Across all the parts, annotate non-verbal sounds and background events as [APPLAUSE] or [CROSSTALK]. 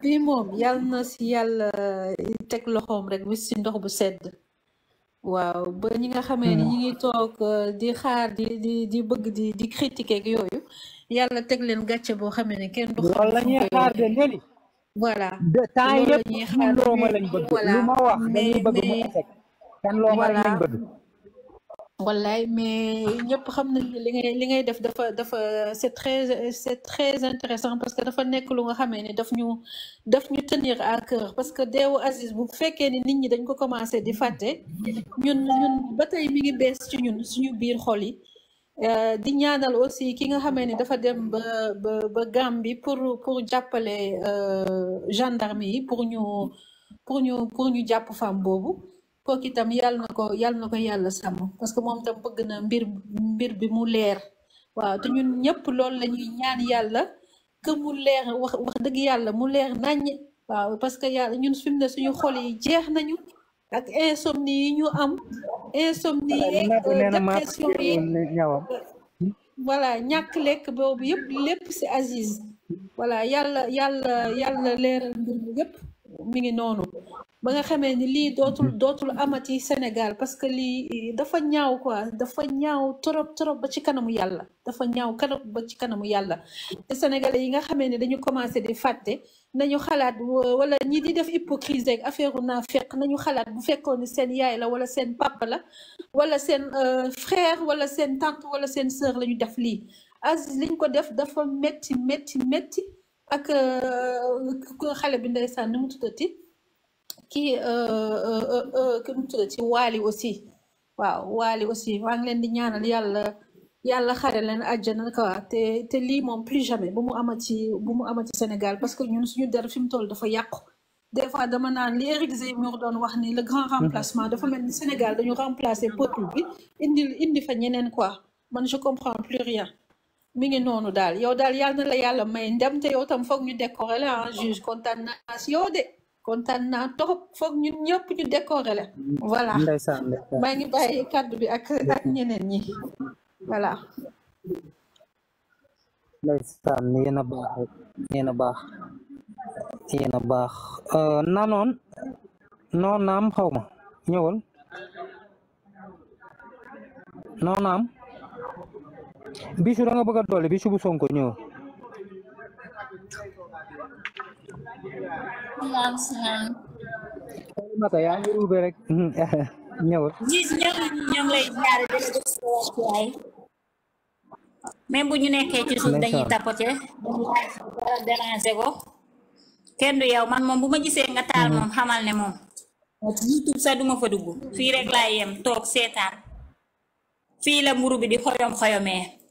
bii moom yàlla na ci yàlla teg loxoom rek wis si ndox bu sedd waaw ba ñi nga xamee ni hmm. ñi ngi toog eh, di xaar di di di bëgg di di critiquer ak yooyu yàlla teg leen gàcce boo xamee ne kenn du xam la ñuy xaar de leli voilà lu ma wax dañuy bëgg mu teg kan looma lañ bëgg wallay mais ñëpp xam nañ li ngay li ngay def dafa dafa c'est très c'est très intéressant parce que dafa nekk lu nga xamee ne daf ñu daf ñu tenir à cœur parce que deewu Aziz bu fekkee ni nit ñi dañ ko commencé di fàtte ñun ñun ba tey mi ngi bees ci ñun suñu biir xol yi euh, di ñaanal aussi ki nga xamee ne dafa dem ba ba ba Gambie pour pour jàppale euh, gendarme yi pour ñu pour ñu pour ñu jàpp femme boobu kooku itam yàlla na ko yàlla na ko yàlla sàmm parce que moom itam bëgg na mbir mbir bi mu leer waaw te ñun ñëpp loolu la ñuy ñaan yàlla que mu leer wax wax dëgg yàlla mu leer naññ waaw parce que yàlla ñun fi mu ne suñu xol yi jeex nañu ak insomnie yi ñu am insomnie yi dépression yi voilà ñàkk lekk boobu yëpp lépp si Aziz voilà yàlla yàlla leeral mbir mi yëpp mi ngi noonu ba nga xamee ni lii dootul dootul amati Sénégal parce que lii dafa ñaaw ko dafa ñaaw trop trop ba ci kanamu yàlla dafa ñaaw kanam ba ci kanamu yàlla te sénégalais yi nga xamee ni dañu commencé di fàtte nañu xalaat wala ñi di def hypocrisie ak affaire naa fekk nañu xalaat bu fekkoon ni seen yaay la wala seen papa la wala seen euh, frère wala seen tante wala seen sœur la ñu def lii as liñ ko def dafa metti metti metti ak euh, ku xale bi ki euh, euh, aussi waaw waali aussi maa ngi di ñaanal yàlla yàlla plus jamais bu amati bu amati Sénégal parce que ñun suñu der fi toll dafa des fois dama naan le grand remplacement dafa Sénégal dañu remplacer bi indi indi fa quoi man je comprends plus rien mi non noonu yow dal yal na la yàlla may ndem te yow tam foog ñu décorer la hein. juge contamination de ñun ñëpp ñu la. voilà maa ngi bàyyi bi ak ak ñeneen voilà. ndeysaan yéen a baax yéen a baax yéen a baax euh, nanoon naam xaw naam. bisu da nga bëgg bisu bu sonko ñëw mata yaa ngi ruube rek ñëwal même mm-hmm, eh, [LAUGHS] bu ñu nekkee ci suuf dañuy tapote dara déranger kenn du yow man moom bu ma gisee nga taal mm-hmm. moom xamal ne moom YouTube sax duma fa dugg fii rek toog seetaan fii la mburu bi di xoyom xoyomee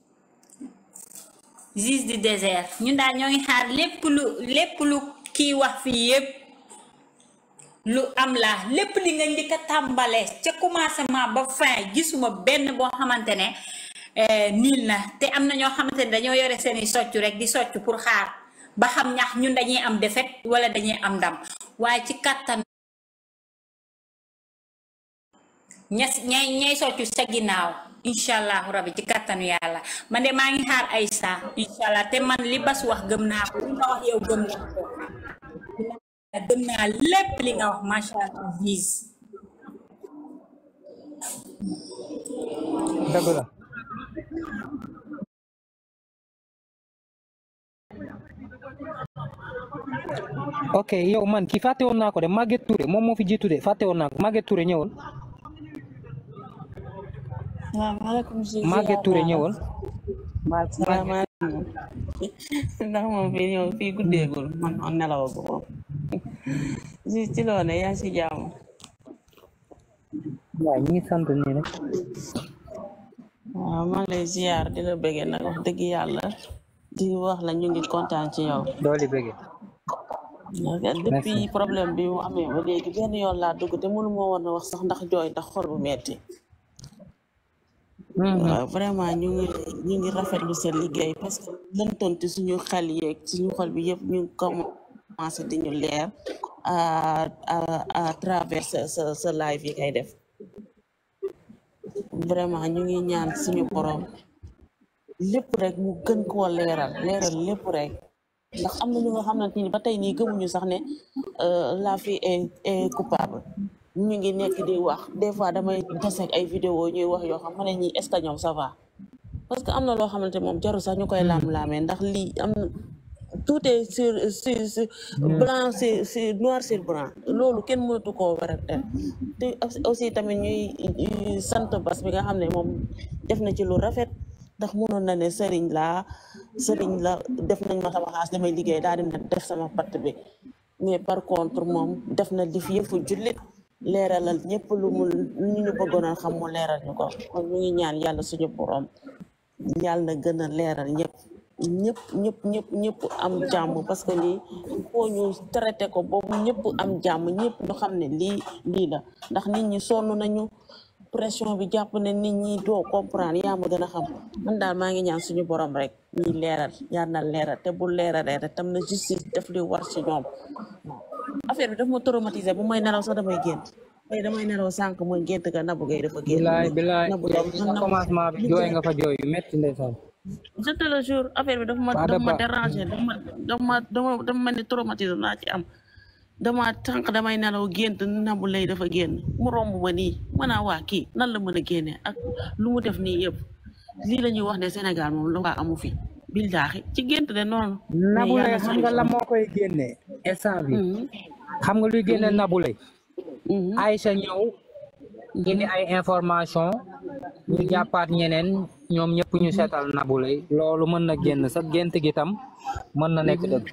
gis du désert ñun daal ñoo ngi xaar lépp lu lépp lu kii wax fii yépp lu am la lépp li nga njëkk a tàmbalee ca commencement ba fin gisuma benn boo xamante ne eh, niil na te am na ñoo xamante ne dañoo yore seeni soccu rek di soccu pour xaar ba xam ñax ñun dañuy am défaite wala dañuy am ndam waaye ci kàttan ñas ñay ñay soccu sa ginnaaw inshallah rabbi ci kattanu yàlla ya man de maa ngi xaar Aïssa inshallah te man li bas wax gëm naa ko nga wax yow gem na ko gëm naa li nga wax macha allah vise dëgg Oke, ok yow man ki fàtte woon naa de Maguette Touré moom moo fi jitu de fàtte woon naa ko Touré salaamaaleykum Gilles Maguette Touré ñëwoon. waaw [LAUGHS] ndax moom fii ñëw fii guddeegul man on nelaw bu ko. Gilles ci loo yaa ngi si jàmm. waaw ñu ngi sant nii rek. waaw maa ngi lay ziar di bëggee nag wax dëgg yàlla di wax la ñu ngi kontaan ci yow. dooli bëggee. depuis problème bi wax amee ba léegi benn yoon laa dugg te mënu moo war na wax sax ndax jooy ndax xol bu metti Mm-hmm. vraiment ñu ngi ñu ngi rafetlu seen liggéey parce que lëntoon ci suñu xel yeeg suñu xol bi yëpp ñu ngi commencé di ñu leer à à travers sa sa live kay def vraiment ñu ngi ñaan suñu borom lépp rek mu gën koo leeral leeral lépp rek ndax am na ñu nga xamante ni ba tey nii gëmuñu sax ne euh, laa fille est coupable ñu ngi nekk di wax des fois damay taseeg ay vidéo ñuy wax yoo xam ne ñii est ce parce que am na loo xamante moom jarul sax ñu koy laam-laamee ndax lii am na tout est sur sur blanc sur sur noir loolu kenn mënatu koo war a def te aussi tamit ñuy sant bas bi nga xam ne moom def na ci lu rafet ndax munoon na ne sëriñ laa sëriñ la def nañ ma sama xaas damay liggéey daal dina def sama patt bi mais par contre moom def na li fi yëfu jullit leeralal ñëpp lu mu ñu bëggoon a xam mu leeral ñu ko kon ñu ngi ñaan yàlla suñu borom yàlla gën a leeral ñëpp ñëpp ñëpp ñëpp ñëpp am jàmm parce que nii foo ñu traité ko boobu ñëpp am jàmm ñëpp ñu xam ne lii lii la ndax nit ñi sonn nañu pression bi jàpp ne nit ñi doo comprendre yaa ma gën a xam man daal maa ngi ñaan suñu borom rek ñi leeral yàlla na leeral te bu leeralee rek tam na justice daf li war ci ñoom affaire bi daf ma traumatisé bu may nelaw sax damay gént tey damay nelaw sànq ma gént ka nabu ngay dafa gént. bilaay bilaay commencement bi jooy nga fa jooy yu métti ndeysaan. je te le jure affaire bi dafa ma dafa ma dérangé dafa ma dama dama mel ni naa ci am dama sànq damay nelaw gént nabu lay dafa génn mu romb ma nii mën naa waa kii nan la mën a génne ak lu mu def nii yëpp lii la ñuy wax ne Sénégal moom lu ko amu fi. billaahi ci gént de noonu. nabulay xam nga la moo koy génne instant mm-hmm. xam nga luy génne nabulay. Mm-hmm. Aïcha ñëw génne mm-hmm. ay information ñu jàppaat ñeneen ñoom ñëpp ñu setal nabulay loolu mën na génn sax gént gi tam mën na nekk dëgg.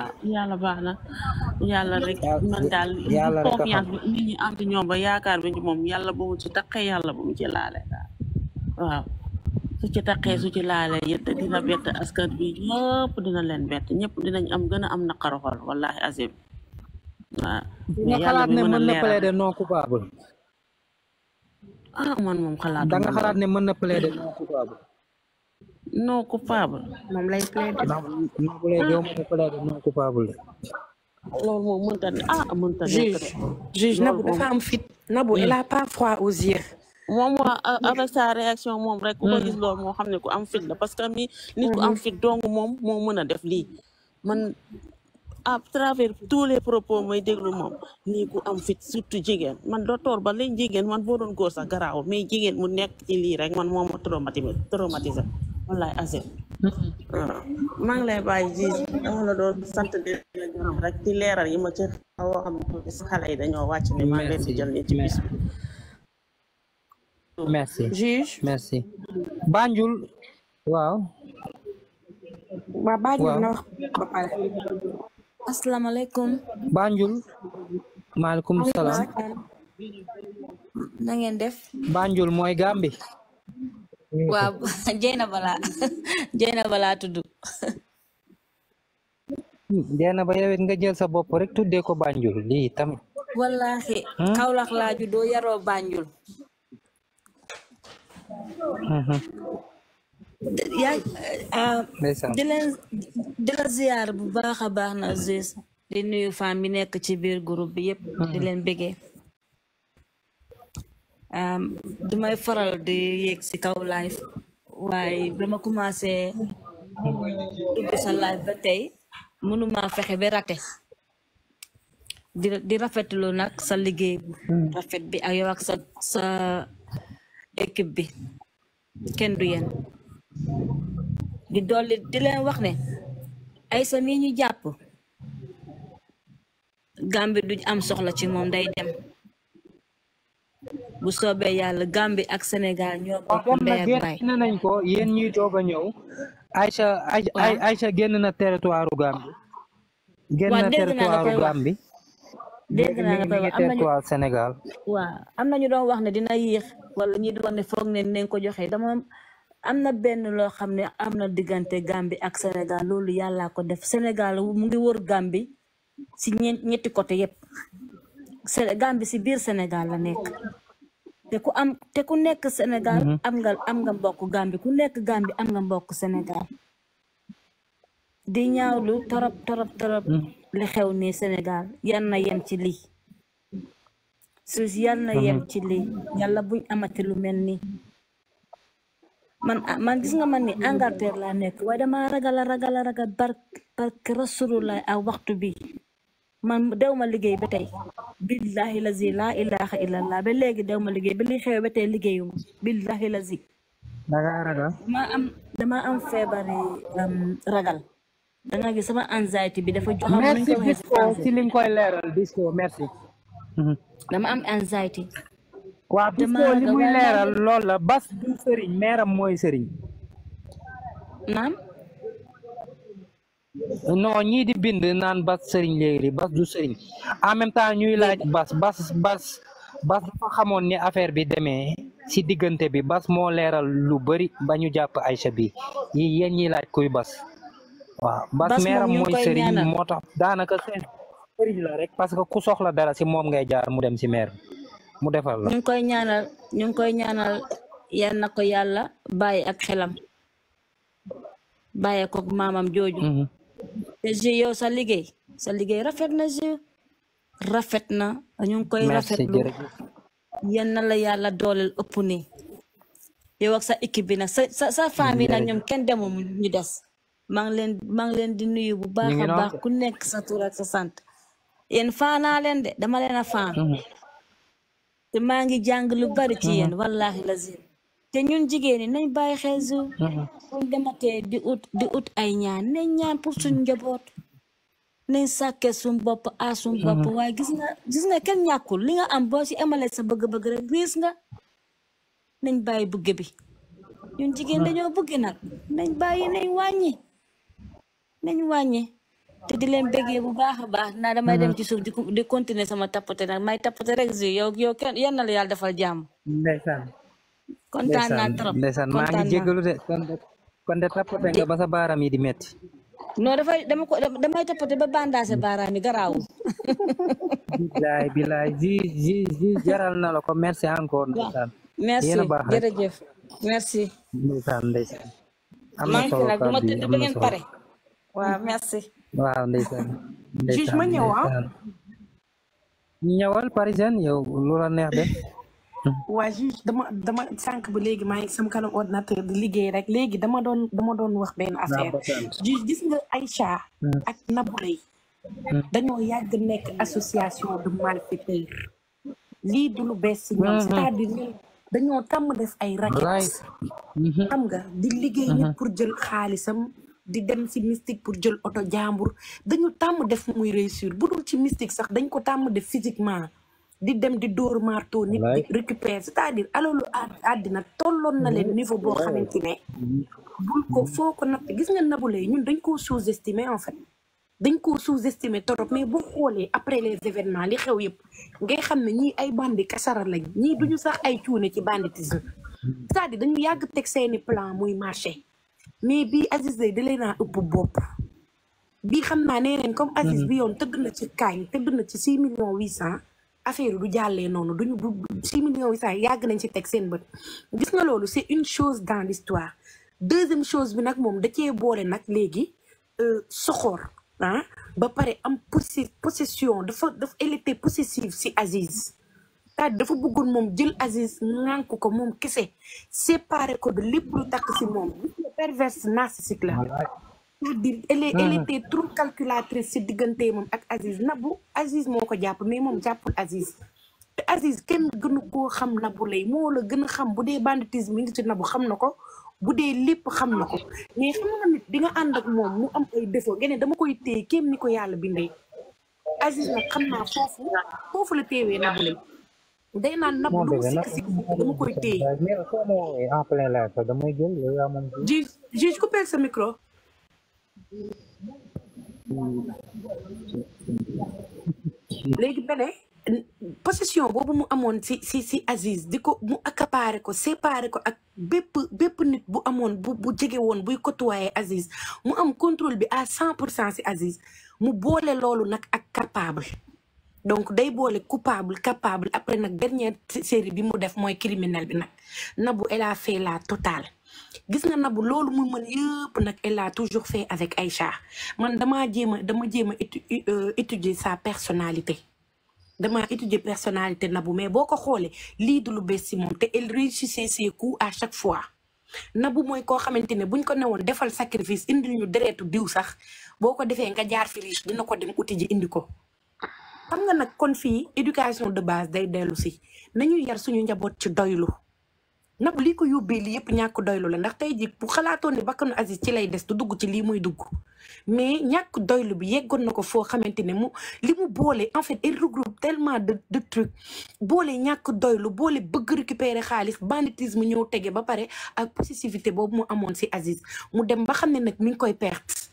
Ah, yàlla baax na yàlla rek man daal confiance bi moom yàlla bu mu ci taqee yàlla bu mu ci laale waaw su ci taxé su ci laalé laalee yëpp dina bét askan bi ñëpp dina leen bét ñëpp dinañ am gëna am na naqaru xol wallahi azim waaw xalaat né mën na plaidé non coupable ah man mom xalaat da nga xalaat né mën na plaidé non coupable non coupable mom lay plaider non lay jom ko plaidé non coupable lool moom mën ne ah mën ne juge juge Nabou dafa am fit Nabou il hmm. a pas froid aux yeux moom waa avec sa réaction moom rek ku ko gis hmm. loolu moo xam ne ku am fit la parce que mi nit ku am hmm. fit dong moom moo mën a def lii man à travers tous les propos may déglu moom nii ku am fit surtout jigéen man docteur ba lañ jigéen man boo doon góor sax garaaw mais jigéen mu nekk ci lii rek man moom ma traumatisé traumatisé wallaay hmm. maa ngi lay bàyyi ji dama sant rek di leeral yi ma ci a xam ne yi dañoo wàcc ne maa ngi leen di jël nii ci bis bi merci Banjul waaw. waaw Banjul na wax ba pare. asalaamaaleykum. Banjul. maaleykum salaam. na def. Banjul mooy Gambi. waaw Jeyna [LAUGHS] Bala Jeyna [LAUGHS] Bala tudd. Jeyna ba yowit nga jël sa bopp rek tuddee ko Banjul lii tamit. wallaahi. Hmm? Kaolack laa yaroo Banjul. Mm-hmm. yaa uh, di la di la ziyaar bu baax baax na Aziz di nuyu femme bi nekk ci biir groupe bi yépp di mm-hmm. leen bëggee um, du faral di yéeg si kaw live waaye ba ma dugg sa live ba tey mënuma fexe ba rate di di nag sa liggéey bu mm-hmm. rafet bi ak yow ak sa sa équipe bi kenn du yéen di dolli di leen wax ne ay sa mii jàpp gambi du am soxla ci moom day dem bu soobee yàlla gambi ak sénégal ñoo bokk ndey ak baay génn nañ ko yéen ñuy doog a ñëw Aïcha Aïcha génn na territoire u gambi génn na territoire u gambi dégg naa la koy wax am na ñu waaw wax ne dina yéex wala ñi doon ne foog ne nañ ko joxee dama am na benn loo xam ne am na diggante Gambie ak Sénégal loolu yàllaa ko def Sénégal mu ngi wër Gambie si ñetti côté yëpp Gambie ci biir Sénégal la nekk te ku am te ku nekk Sénégal mm-hmm. am nga am nga mbokk Gambie ku nekk Gambie am nga mbokk Sénégal di ñaawlu torop torop torop mm-hmm. li xew ne Sénégal yal na yem ci lii suus yal na yem ci lii yàlla buñ amati lu mel nii man man gis nga man ni Angleterre laa nekk waaye dama ragal a ragal a ragal bark bark rasulullah ak waxtu bi man dew ma liggéey ba tey billahi lazi laa ilaha illallah ba léegi dew ma liggéey ba li xew ba tey liggéeyuma billahi lazi dama am dama am feebari ragal da nga gis sama anxiety bi dafa. jox merci Bisco ci li nga koy leeral Bisco merci. Mhm. dama am anxiety. waaw Bisco li muy leeral lool la bas du sëriñ meeram mooy sëriñ. naam. ñii di bind naan bas sëriñ léegi bas du sëriñ en même temps ñuy laaj bas bas bas bas dafa xamoon ni affaire bi demee ci diggante bi bas moo leeral lu bari ba ñu jàpp Aïcha bi yi yéen laaj kuy bas. waaw Bass meeram mooy sëriñ moo rek parce que ku soxla dara si moom ngay jaar mu dem si meer mu defal ñu koy ñaanal ñu ngi koy ñaanal yal na ko yàlla bàyyi ak xelam bàyyi ko maamam jooju. Mhm. te ji yow sa liggéey sa liggéey rafet na ji rafet na ñu ngi koy rafetlu yal na la yàlla dooleel ëpp nii yow sa équipe bi nag sa sa sa famille kenn demul ñu des. maa leen maa ngi leen di nuyu bu baax a baax ku nekk sa tur ak sa sant yéen faanaa leen de dama leen a faan mm-hmm. te maa ngi jàng lu bari ci yéen mm-hmm. wallahi lazim te ñun jigéen ñi nañ bàyyi xel su mm-hmm. buñ dematee di ut di ut ay ñaan nañ ñaan pour suñ njaboot nañ sàkkee suñ bopp a suñ bopp waaye gis nga gis nga kenn ñàkkul li nga am boo ci amale sa bëgg-bëgg rek riis nga nañ bàyyi bëgg bi ñun jigéen dañoo bëgg nag nañ bàyyi nañ wàññi nañ wàññi te di leen bëggee bu baax a baax naa damay dem ci suuf di di continuer sama tappate nag may tappate rek zi yow yow kenn yan na la yàlla defal jàmm ndeysaan kontaan naa trop ndeysaan maa ngi jégalu de kon de tappate nga ba sa baaraam yi di metti non dafay dama ko damay tappate ba bandage baaraam yi garaaw bilaay bilaay ji ji ji jaral na la ko merci encore ndeysaan merci jërëjëf merci ndeysaan ndeysaan am na solo ngi nag duma tëdd pare waaw merci. waaw ndeysaan. juge ma ah? ñëwal parisienne yow lu la neex waa juge dama dama sànq ba léegi maa sam kanam ordinateur di liggéey rek léegi dama doon dama doon wax benn affaire. juge gis nga Aïcha. Hmm. ak Naboulaye. Hmm. dañoo yàgg nekk association de malfaiteurs. lii du lu bees si ñoom. Hmm. cest à dañoo tàmm def ay raquettes. xam nga di liggéey nit pour jël xaalisam. di dem ci mystique pour jël oto jàmbur dañu tàmm def muy réussir bu dul ci mystique sax dañ ko tàmm def physiquement di dem di dóor marteau nit di récupérer c'est-à-dire alalu àddina tolloon na leen niveau boo xamante ne bul ko foo ko natt gis nga Nabou Leye ñun dañ koo sous-estimer en fait dañ koo sous-estimer trop mais boo xoolee après les événements li xew yëpp ngay xam ne ñii ay bandi kasara lañ ñii duñu sax ay cuune ci banditisme c'est-à-dire yàgg teg seeni plan muy marché mais bii Aziz day da ëpp bopp bii xam naa nee neen comme Aziz hmm. bi yoon tëdd na ci kaañ tëdd na ci six millions huit cent affaire du jàllee noonu duñu du six millions huit cent yàgg nañ ci teg seen bët gis nga loolu c'est une chose dans l'histoire deuxième chose bi nag moom da cee boole nag léegi euh, soxoor ah, ba pare am possi possession dafa dafa elle était possessive si Aziz cest dafa bëggoon moom jël Aziz nànk ko moom kese séparé ko de lépp lu takk si moom perverse narcissique la c'est-à-dire elle elle hmm. était calculatrice si diggante moom ak Aziz nabu Aziz moo ko jàpp mais moom jàppul Aziz te Aziz kenn gënu koo xam nabu lay moo la gën a xam bu dee banditisme yi ngi ci nabu xam na ko bu dee lépp xam na ko mais xam nga nit di ànd ak moom mu am ay défaut ngeen dama koy téye kenn ni ko yàlla bindee Aziz nag xam naa foofu la téewee Nabou day naan napp lu mu sikk sikk dama koy téye. damay jël yow yaa moom. sa micro. léegi bene possession boobu mu amoon si si si Aziz di ko mu accaparé ko séparé ko ak bépp bépp nit bu amoon bu bu jege woon buy côtoyé Aziz mu am contrôle bi à cent pour cent si Aziz mu boole loolu nag ak capable. donc day boole coupable capable après nak dernière série bi mu def moy criminel bi nak Nabou elle a fait la totale gis nga Nabou lolou mu meun yëpp nak elle a toujours fait avec Aïcha man dama djema dama djema euh, étudier sa personnalité dama étudier personnalité Nabou mais boko ko li lii du lu bees si moom te elle réussissait ses coups à chaque fois Nabou moy ko xamante buñ ko newoon defal sacrifice indi ñu deretu diw sax boko ko nga jaar fi riche dina ko dem outil ji indi ko xam nga nag kon fii éducation de base day dellu si nañu yar suñu njaboot ci doylu nag li ko yóbbee lii yëpp ñàkk doylu la ndax tey jii bu xalaatoon ne bakkanu Aziz ci lay des du dugg ci lii muy dugg mais ñàkk doylu bi yeggoon na ko foo xamante ne mu li mu boole en fait il regroupe tellement de de trucs boole ñàkk doylu boole bëgg récupérer xaalis banditisme ñëw tege ba pare ak possessivité boobu mu amoon si Aziz mu dem ba xam ne nag mi ngi koy perte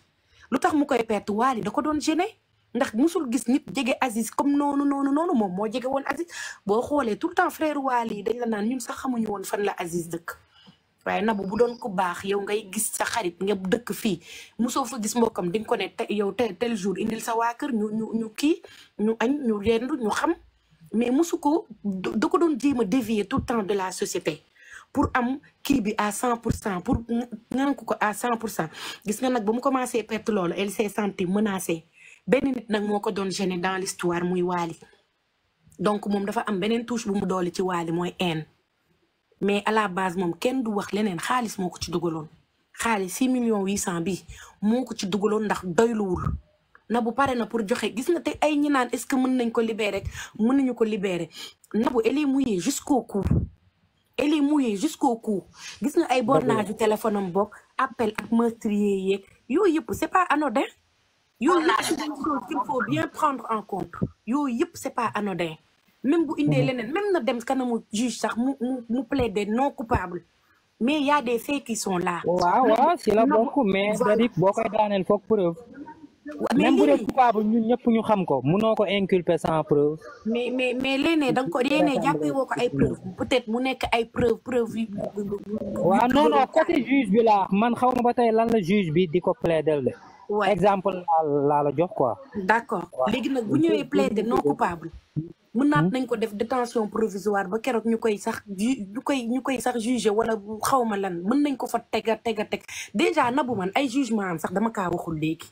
lu tax mu koy perte waali da ko doon gêner ndax musul gis nit jege Aziz comme nonou nonou nonou mom mo jege won Aziz bo xolé tout temps frère wali dañ la naan ñun sax xamuñu won fan la Aziz dëkk waye nabu bu doon ko bax yow ngay gis sa xarit nga dëkk fi musoo fa gis mbokkam di ko ne yow tel jour indil sa waa kër ñu ñu ñu kii ñu añ ñu rendu ñu xam mais musuko ko da ko doon jéem dévier tout temps de la société pour am ki bi à 100% pour nan ko ko à 100% gis nga nak ba mu commencé perte lolu elle s'est sentie menacée benn nit nag moo ko doon gêné dans l'histoire muy waali donc moom dafa am beneen touche bu mu doole ci waali mooy haine mais à la base moom kenn du wax leneen xaalis moo ko ci dugaloon xaalis six millions huit cent bi moo ko ci dugaloon ndax doyluwul bu pare na pour joxe gis na te ay ñi naan est-ce que mën nañ ko libérer mën nañu ko libérer nabu elle est mouillée jusqu'au cou elle est mouillée jusqu'au cou gis na ay bornage yu téléphone am boog appel ak meurtrier yeeg yooyu yëpp c'est pas anodin yooyu yëpp si il faut bien prendre en compte Yo, yëpp c'est pas anodin même bu indee mhm. leneen même na dem kanamu juge sax mu mu mu plaider non coupable mais il y a des faits qui sont là. waaw waaw c'est là beaucoup mais c'est-à-dire boo koy preuve. même bu dee coupable ñun ñëpp ñu xam ko munoo ko inculper sans preuve. mais mais mais léeg-léeg da nga ko léeg-léeg jàppee ay preuve peut-être mu nekk ay preuve preuve yu. non non côté juge bi laa man xaw ma ba tey lan la juge bi di ko plaider de. exemple laa la jox quoi. d' accord léegi nag bu ñëwee plaider non coupable. mun naat hmm? nañ ko def détention provisoire ba keroog ñu koy sax ju ñu koy ñu koy sax jugé wala xaw ma lan mën nañ ko fa tega tega teg dèjà nabu man ay jugement am sax dama kaa waxul léegi.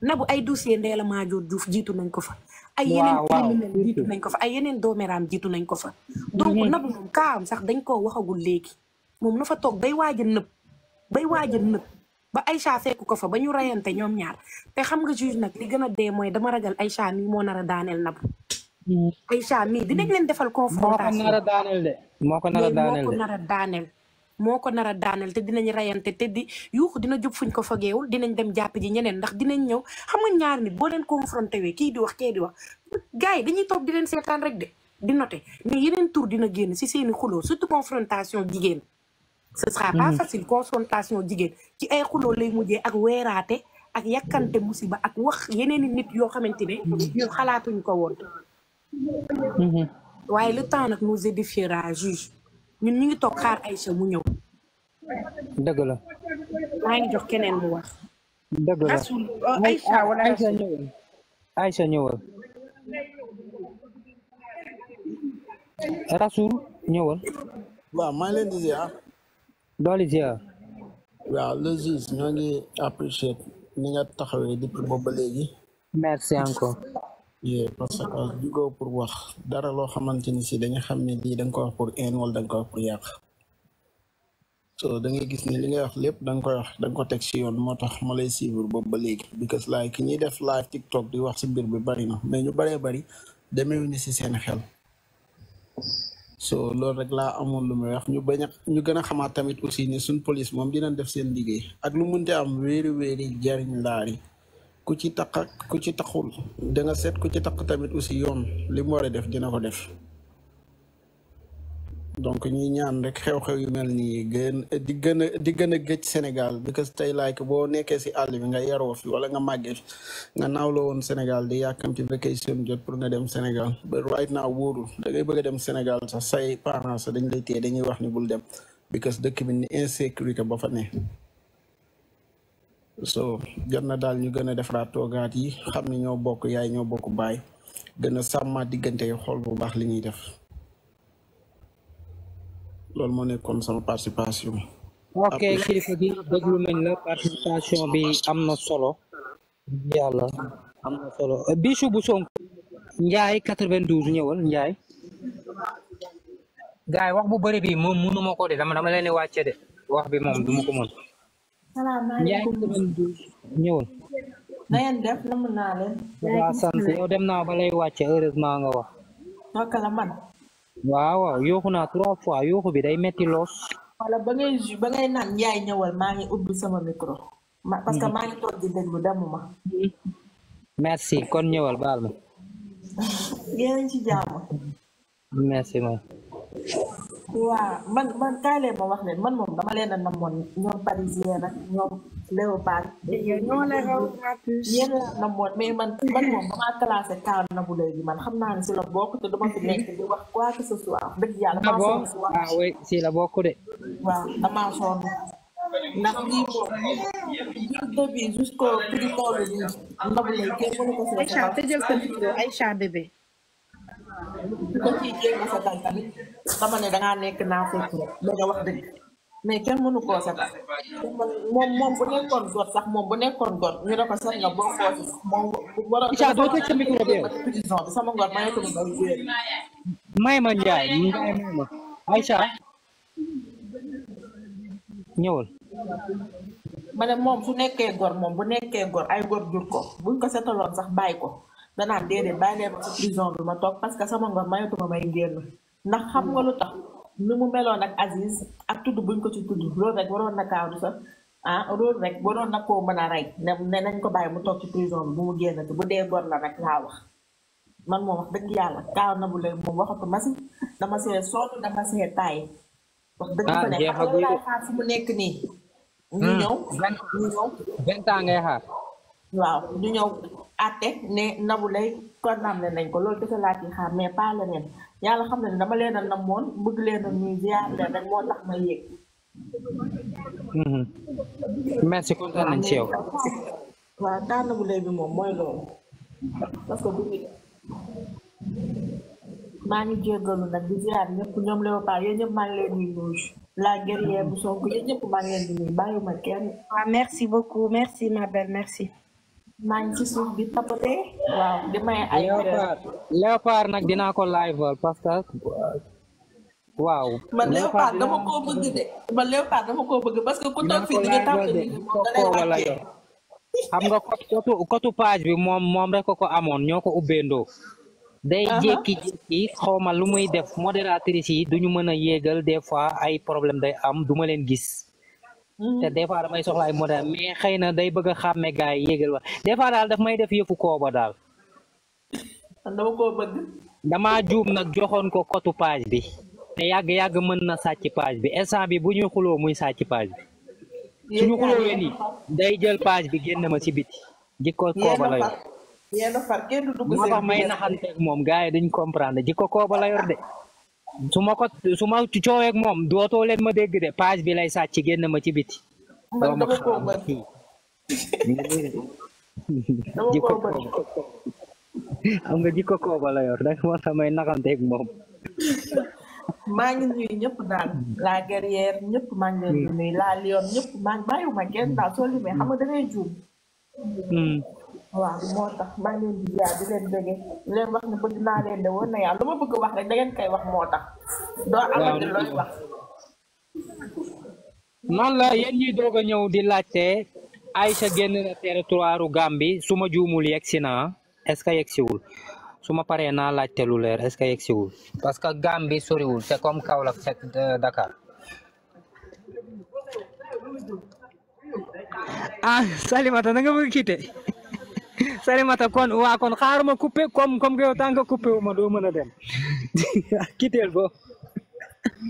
nabu ay dossier Ndella Madior Diouf jiitu nañ ko fa. ay yeneen jiitu nañ ko fa ay yeneen doomeraam jiitu nañ ko fa. donc hmm. nabu moom kaa am sax dañ koo waxagul léegi moom na fa toog bay waaj a nëb bay waaj a nëb. ba Aïcha fekku ko fa ba ñu rayante ñoom ñaar te xam nga juge nag li gën a dee mooy dama ragal ay mii moo nar daaneel Nabou Aïcha mii dinañ leen defal confrontation moo ko daaneel de moo ko nar a daaneel moo ko nar a te dinañ rayante te di yuuxu dina jub fuñ ko fageewul dinañ dem jàpp ji ñeneen ndax dinañ ñëw xam nga ñaar nit boo leen confronté wee kii di wax kii di wax gars yi dañuy toog di leen seetaan rek de di noté mais yeneen tour dina génn si seeni xuloo surtout confrontation jigéen ce sera pas mm. facile confrontation jigéen ci ay xuloo lay mujjee ak weeraate ak yàkkante musiba ak wax yeneen i nit yoo xamante ne ñun xalaatuñ ko woon mm-hmm. waaye le temps nag nous édifiera juge ñun ñu ngi toog xaar ay mu ñëw dëgg ngi jox keneen mu wax dëgg la euh, ñëwal rasul ñëwal doli is here. waaw Logis ñoo ngi apprécier ni nga taxawee depuis boobu ba léegi. Eh. merci encore. oui parce que jugoo pour wax dara loo xamante ni si dañu xam ne lii da nga ko wax pour wala da nga ko wax pour yàq. so da ngay gis ni li ngay wax lépp da nga koy wax da nga ko teg si yoon moo tax ma lay suivre boobu ba léegi because like ñuy def live TikTok di wax si mbir bi bari na mais ñu baree bari demeewuñu si seen xel. so loolu rek laa amoon lu mu weex ñu bañ a ñu gën a xamaat tamit aussi ni suñ police moom dinañ def seen liggéey ak lu mënti am wéeri wéeri jariñ laari ku ci taq ak ku ci taqul danga seet ku ci taq tamit aussi yoon li mu war a def dina ko def donc ñuy ñaan rek xew-xew yu mel ni gën di gën di gën a gëj Sénégal because tey like boo nekkee si àll bi nga yaroo fi wala nga màggee fi nga naawloo woon Sénégal di yàkkam ci vacation jot pour nga dem Sénégal but right now wóorul da ngay bëgg a dem Sénégal sax say parents dañ lay téye dañuy wax ni bul dem because dëkk bi ni insécurité ba fa ne so jot na daal ñu gën a defaraat toogaat yi xam ni ñoo bokk yaay ñoo bokk baay gën a sàmmaat diggante bu baax li ñuy def lol mo nekkon sama participation. ok kilifa gi deglu nañ la participation bi amna solo. yalla amna na solo Bijou bu Sonko. Ndiaye 92 ñewal Ndiaye. gars wax bu bari bi mom mënu ma ko de dama dama leni wacce de wax bi mom du ma ko mën. salaamaaleykum ñëwal. ñewal ngeen def na mun naa leen. waaw yow dem na balay wacce heureusement nga wax. naka la man. waaw waaw yooxu naa trois fois yooxu bi day metti loos. wala ba ngay naan yaay ñëwal maa ngi ubbi sama micro. ma parce que maa ngi toog di déglu demu ma. merci kon ñëwal baal ma. [LAUGHS] yéen ci jàmm. merci ma. คือว่ามันมันใกล้เลยบอกว่าเห็นมันหมุนแล้วมาเล่นอันนมนยมปาริเซียนะยมเลวปานเยอะนู่นเลยเขาเยอะนมนมีมันมันหมุนมาตลาดเสกาวนะบุเลยมันข้ามนานสิละบอกคือตัวมันเป็นเล็กคือว่ากว่าคือสวยๆเป็นยาละมาสวยๆอ่าเว้ยสิละบอกคือเด็กว่าละมาชอน Aisha, te dio el contigo. Aisha, bebé. Porque llega hasta tan también. sama ne dangaa nekk naa fekk rek da nga wax dëgg mais kenn mënu koo setal moom moom bu nekkoon góor sax moom bu nekkoon góor ñu ne ko moom sama ngor maye may ma njaay may ma Aïcha ma ne moom su nekkee góor moom bu nekkee góor ay góor jur ko buñ ko setaloon sax bàyyi ko danaan déedéet bàyyi leen ma prison bi ma toog parce que sama ngor mayatuma may génn ndax xam nga hmm. lu tax nu mu meloon ak Aziz ak tudd buñ ko ci tudd loolu rek waroon na kaaru sax ah loolu rek waroon na koo mën a rey ne nañ ko bàyyi mu toog ci prison bu mu génnati bu dee gor na rek laa wax man moom wax dëgg yàlla kaaw na bu leen moom waxatu ma si dama see sonn dama see taay wax dëgg ko ah, ne xaar fu nekk nii ñu hmm. ñëw ñu ñëw vingt ans ngay xaar waaw ñu ñëw àtte ne Nabou nañ ko loolu kese laa ci xaar mais pas leneen yàlla xam na ne dama leen a namoon bëgg leen a ziar leen rek moo tax ma yéeg. merci kontaan nañ ci yow. waaw daa Nabou Leye bi moom mooy loolu parce que bu ñu maa ngi jéggalu nag di ziar ñëpp ñoom yéen ñëpp maa ngi leen di nuyu la guerrière bu Sonko yéen ñëpp maa ngi leen di merci beaucoup merci ma belle merci. maa ngi ci suuf léopard nag dinaa ko liveal parce que waaw man bëgg parce que ku toog xam nga kotu page bi moom moom rek ko amoon ñoo ko ubbeendoo day jékki-jékki xaw ma lu muy def modératrice yi duñu mën a yéegal des fois ay problème day am duma leen gis te mm-hmm. des fois damay soxla ay modèle mais xëy na day bëgg a xàmme gars yi yéegal wax des fois daal daf may def yëfu kooba daal. dama koo juum nag joxoon ko kotu page bi. te yàgg yàgg mën na sàcc page bi instant bi bu ñu xuloo muy sàcc page bi. suñu xuloowee nii day jël page bi génn ma ci biti. jikko kooba la yor a far moo tax may naxanteeg moom gars yi duñ comprendre jikko kooba la yor de. su ma ko su ma coowee leen ma dégg de page bi lay sàcc génne ma ci biti. man xam nga jikko kooba yor da nga samay naxanteeg moom. maa ngi nuyu ñëpp daal la guerrière ñëpp maa ngi leen di nuyu la lion ñëpp maa ngi bàyyiwuma kenn daal soo limee xam nga da ngay juum. waaw moo tax maa ngi leen di jaar di leen bëggee di leen wax ne bëgg naa leen de woon na yàlla lu ma bëgg wax rek da ngeen koy wax moo tax. doo amati looy wax. noonu la yéen ñi doog a ñëw di laajte Aïcha génn na territoire Gambie su ma juumul yegg si naa est-ce que yegg siwul su ma paree naa laajte lu leer est-ce que yegg parce que Gambie soriwul c'est comme Kaolack c'est euh, Dakar. ah Salimata na nga bëgg a Salimata kon waa kon xaar ma coupé comme comme que yow tant que wu ma doo mën a dem kiteel bo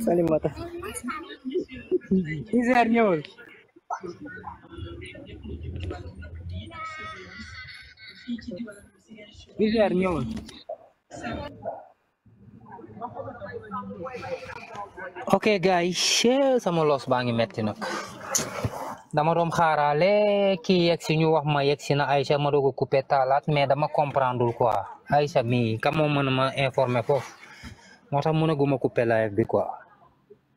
Salimata Isère ñëwal Isère ok ga yi sama loos baa ngi metti nag dama doon xaaraale kii yegg si ñu wax ma yegg si na Aïcha ma doog a coupé mais dama comprendre quoi Aïcha mii ka moo mën ma informer foofu moo tax mën a guma coupé live bi quoi.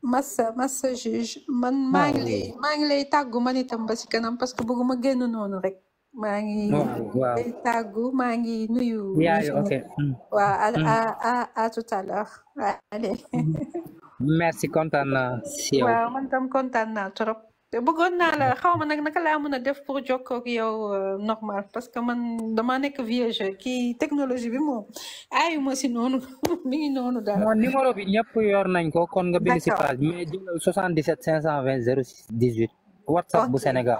massa massa juge man maa ngi ah, lay maa man itam ba kanam parce que bëgguma noonu rek. maa ngi day maa ngi nuyu mm. waaw mm. à à à tout à l'heure mm. merci kontaan naa si yow waaw man tam kontaan naa trop bëggoon naa la xaw ma nag naka laa mën a def pour jokkoo ak yow euh, normal parce que man dama nekk vierge kii technologie bi moom ayu ma si noonu [LAUGHS] mi ngi noonu daal moom bi ñëpp yor nañ ko kon nga bind si page mais jëlal 77 520 06 18 whatsapp bu Sénégal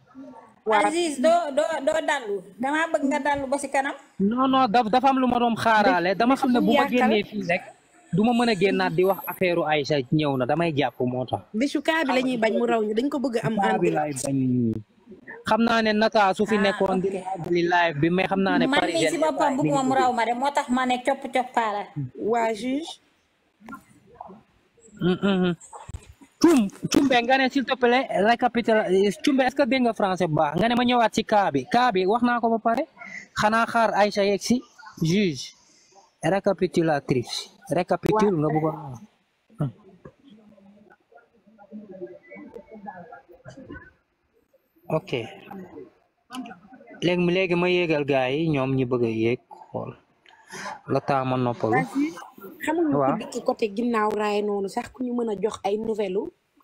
waaw Aziz doo doo doo dallu damaa bëgg nga dallu ba si kanam. non non dafa lu ma doon xaarale dama xam ne bu ma génnee fii rek. du ma mën a génnaat di wax affaire Aïcha ñëw na damay jàpp moo tax. bésu kaa bi la ñuy bañ mu raw ñu dañ ko bëgg am. kaa bi laay bañ xam naa ne nata su fi ah, nekkoon di li live bi mais xam naa ne. man mii si mu raw ma de moo tax ma ne copp coppaala. waa juge. Mm, mm, mm. chum cum be ngane s'il te plaît récapital eh, cum be est ce que dégg nga français ba nga ne ma ñëwaat ci cas bi cas bi wax ko ba pare xana xaar Aïcha yek si juge récapitulatrice récapitule nga bëggoon ok leg leg ma yéegal gaay ñom ñi bëgg a xol la taama noppalu. xamuñu ko dëkk côté ginnaaw raay noonu sax ku ñu mën a jox ay nouvelle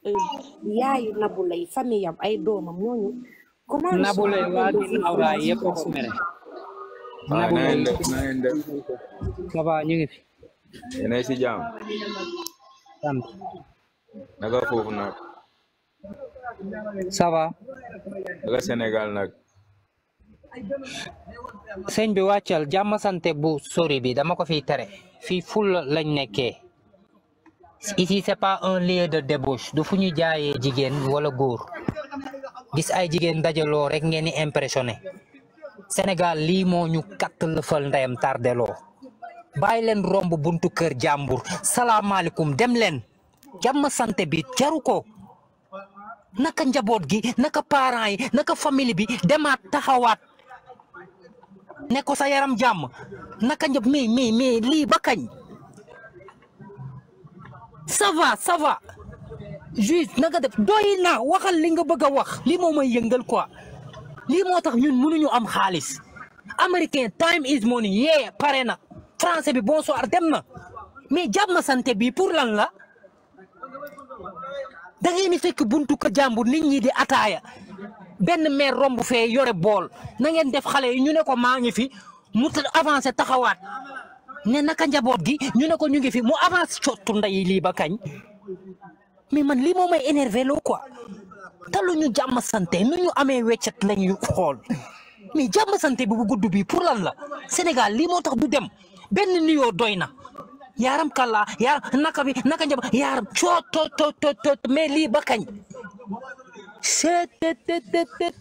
euh, yaayu Nabou Leye famille ay doomam ñooñu. comment Nabou waa ginnaaw raay yëpp a na ngeen def ñu ngi fi. yéen a ngi si jàmm. sant. nag. ça va. Sénégal nag. sëñ bi wàccal jàmm sante bu sori bi dama ko fi tere fi ful lañ nekké ici c'est pas un lieu de débauche du fuñu jaayé jigen wala goor gis ay jigen dajalo rek ngéni impressionné Sénégal li mo ñu le fal ndayam bay len romb buntu kër salam alaykum dem len jamma sante bi jaru ko naka njabot gi naka parents yi naka famille bi demat taxawat ne ko sa yaram jàmm naka njëb mais mais mais lii ba kañ ça va ça va def doy na waxal li nga bëgg a wax lii moo may yëngal quoi lii moo tax ñun mënuñu am xaalis américain time is money yee pare na français bi bonsoir dem na mais jàmm santé bi pour lan la da ngeen ni fekk buntu ko jàmbur ni ñi di ataaya benn maire romb fee yore bool na ngeen def xale yi ñu ne ko maa ngi fi mu avancé taxawaat ne naka njaboot gi ñu ne ko ñu ngi fi mu avancé cottu nday lii ba kañ mais man lii moo may énervé loo ko te lu ñu jàmm santé nu ñu amee weccet la ñuy xool mais jàmm bi bu gudd bi pour lan la Sénégal lii moo tax bu dem benn nuyoo doy na yaaram kàllaa yaaram naka bi naka njaboot yaaram coot to to to mais lii ba kañ. seet teet teet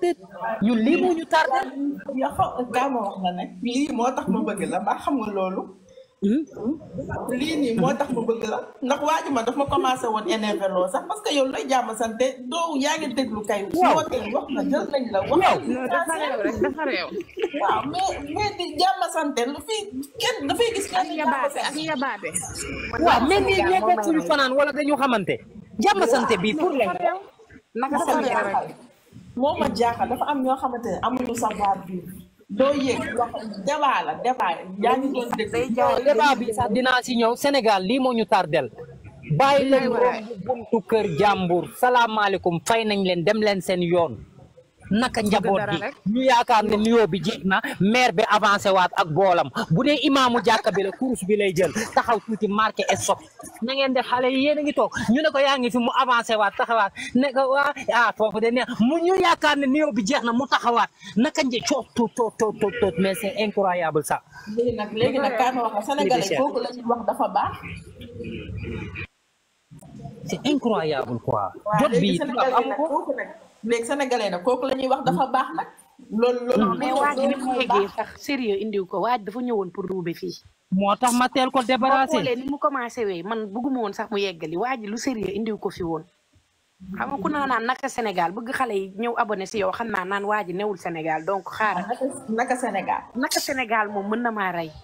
teet ñu lii moo ñu tardé. lii moo tax ma bëgg la ba xam nga loolu. Hmm? lii nii moo tax ma bëgg la ndax waaju ma daf ma commencé woon énervé loo sax parce yow lay jàmm sante doo yaa ngi déglu kay. waaw wax na jël nañ la sante kenn dafay gis. ak yabaate ak yabaate. waaw mais nii ñee bokkuñu fanaan wala dañu xamante. jàmm sante bi pour leen. naka Sénégal moo dafa am ñoo xamante ne amuñu savoir vivre doo yëg wax la débat yaa ngi doon bi sax dinaa si ñëw Sénégal lii moo ñu tardel bàyyi leen romb kër jàmbur salaamaaleykum fay nañ leen dem leen seen yoon naka njaboot bi ñu yaakaar ne nuyoo bi jeex na maire bi avancé waat ak boolam bu dee imaamu jàkka bi la course bi lay jël taxaw tuuti marqué stop na ngeen def xale yi yéen a ngi toog ñu ne ko yaa ngi fi mu avancé waat taxawaat ne ko waa ah foofu de neex mu ñu yaakaar ne nuyoo bi jeex na mu taxawaat naka nje coot toot toot toot toot mais c'est incroyable ça. léegi nag léegi nag kaan wax sénégalais dafa baax. c'est incroyable quoi. léegi sénégalais na kooku lañuy wax dafa baax nag. loolu loolu mm. mais waaj ni mu yeggee sax sérieux indiw ko waaj dafa ñëwoon pour ruube fii. moo tax ma teel ko débarrassé boo ni mu commencé wee man bëgguma woon sax mu yeggali waaj lu sérieux indiw ko fi woon. xam nga ku naa naan naka Sénégal bëgg xale yi ñëw abone si yow xam naa naan waa ji newul Sénégal donc xaaral. Ah, naka Sénégal. naka Sénégal moom mën na maa rey. [LAUGHS]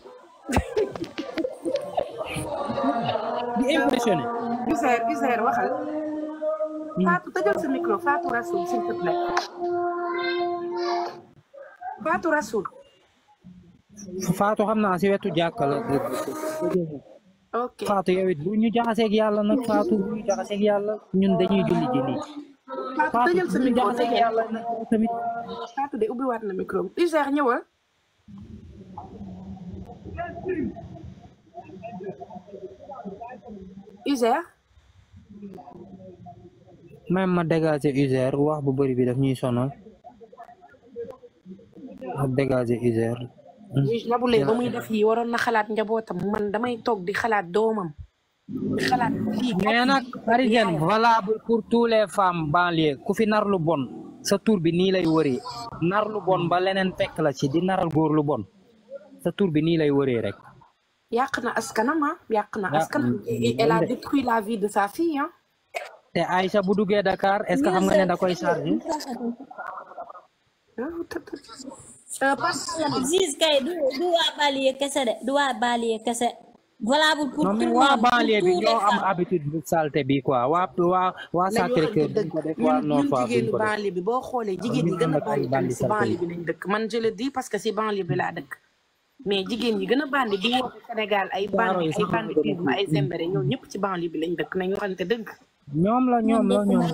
di impressionné. Bisaer Bisaer waxal. Fatura seu micro, fatura azul, s'il te plaît. Fatura azul. Fatura ramna, se vetu jacala. Okay. Faatu yow it bu ñu jaxaseeg yàlla nag faatu bu ñu jaxaseeg yàlla ñun dañuy julli julli. Faatu tëjal sa micro jaxaseeg yàlla nag tamit. na micro même ma dégager user wax bu bëri bi daf ñuy sonal ma dégager user Nabou Leye ba muy waroon na xalaat njabootam man damay toog di xalaat doomam di nag parisienne valable pour tous les femmes banlieue ku fi nar lu bon sa tur bi nii lay wëree nar lu bon ba leneen fekk la ci di naral góor lu bon sa tur bi nii lay wëree rek yàq na askanam ah yàq na ah, askanam mm, elle a mm. détruit la vie de sa fille ah te Aïcha bu duggee Dakar est-ce que xam nga ne da koy chargé. Ziz du waa banlieue kese de du waa banlieue kese. valable pour tout waa banlieue bi ñoo am habitude bu salte bi quoi waa waa waa Sacré-Cœur bi ko def waa non fa ñun jigéenu banlieue bi boo xoolee jigéen ñi gën a bandi si bi lañ dëkk man je le dis parce que si banlieue bi laa dëkk mais jigéen ñi gën a bandi bi woote Sénégal ay bandi ay bandi ay Sembéré ñoom ñëpp ci banlieue bi lañ dëkk nañ nañu waxante dëgg ñoom la ñoom la ñoom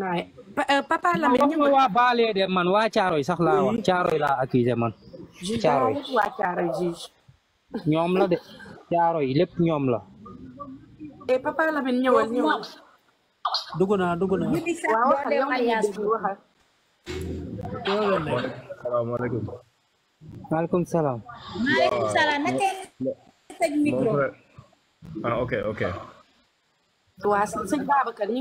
waaye euh, papa Lamine ñu waa Baale de man waa Caaroy sax laa wax Caaroy laa accusé man Caaroy waa Caaroy juge ñoom la de Caaroy lépp ñoom la e papa Lamine ñëwal ñëwal dugg naa dugg naa waaw waxal salaamaaleykum maaleykum salaam maaleykum salaam naka sëñ micro ah ok ok waa sëñ Babacar ñu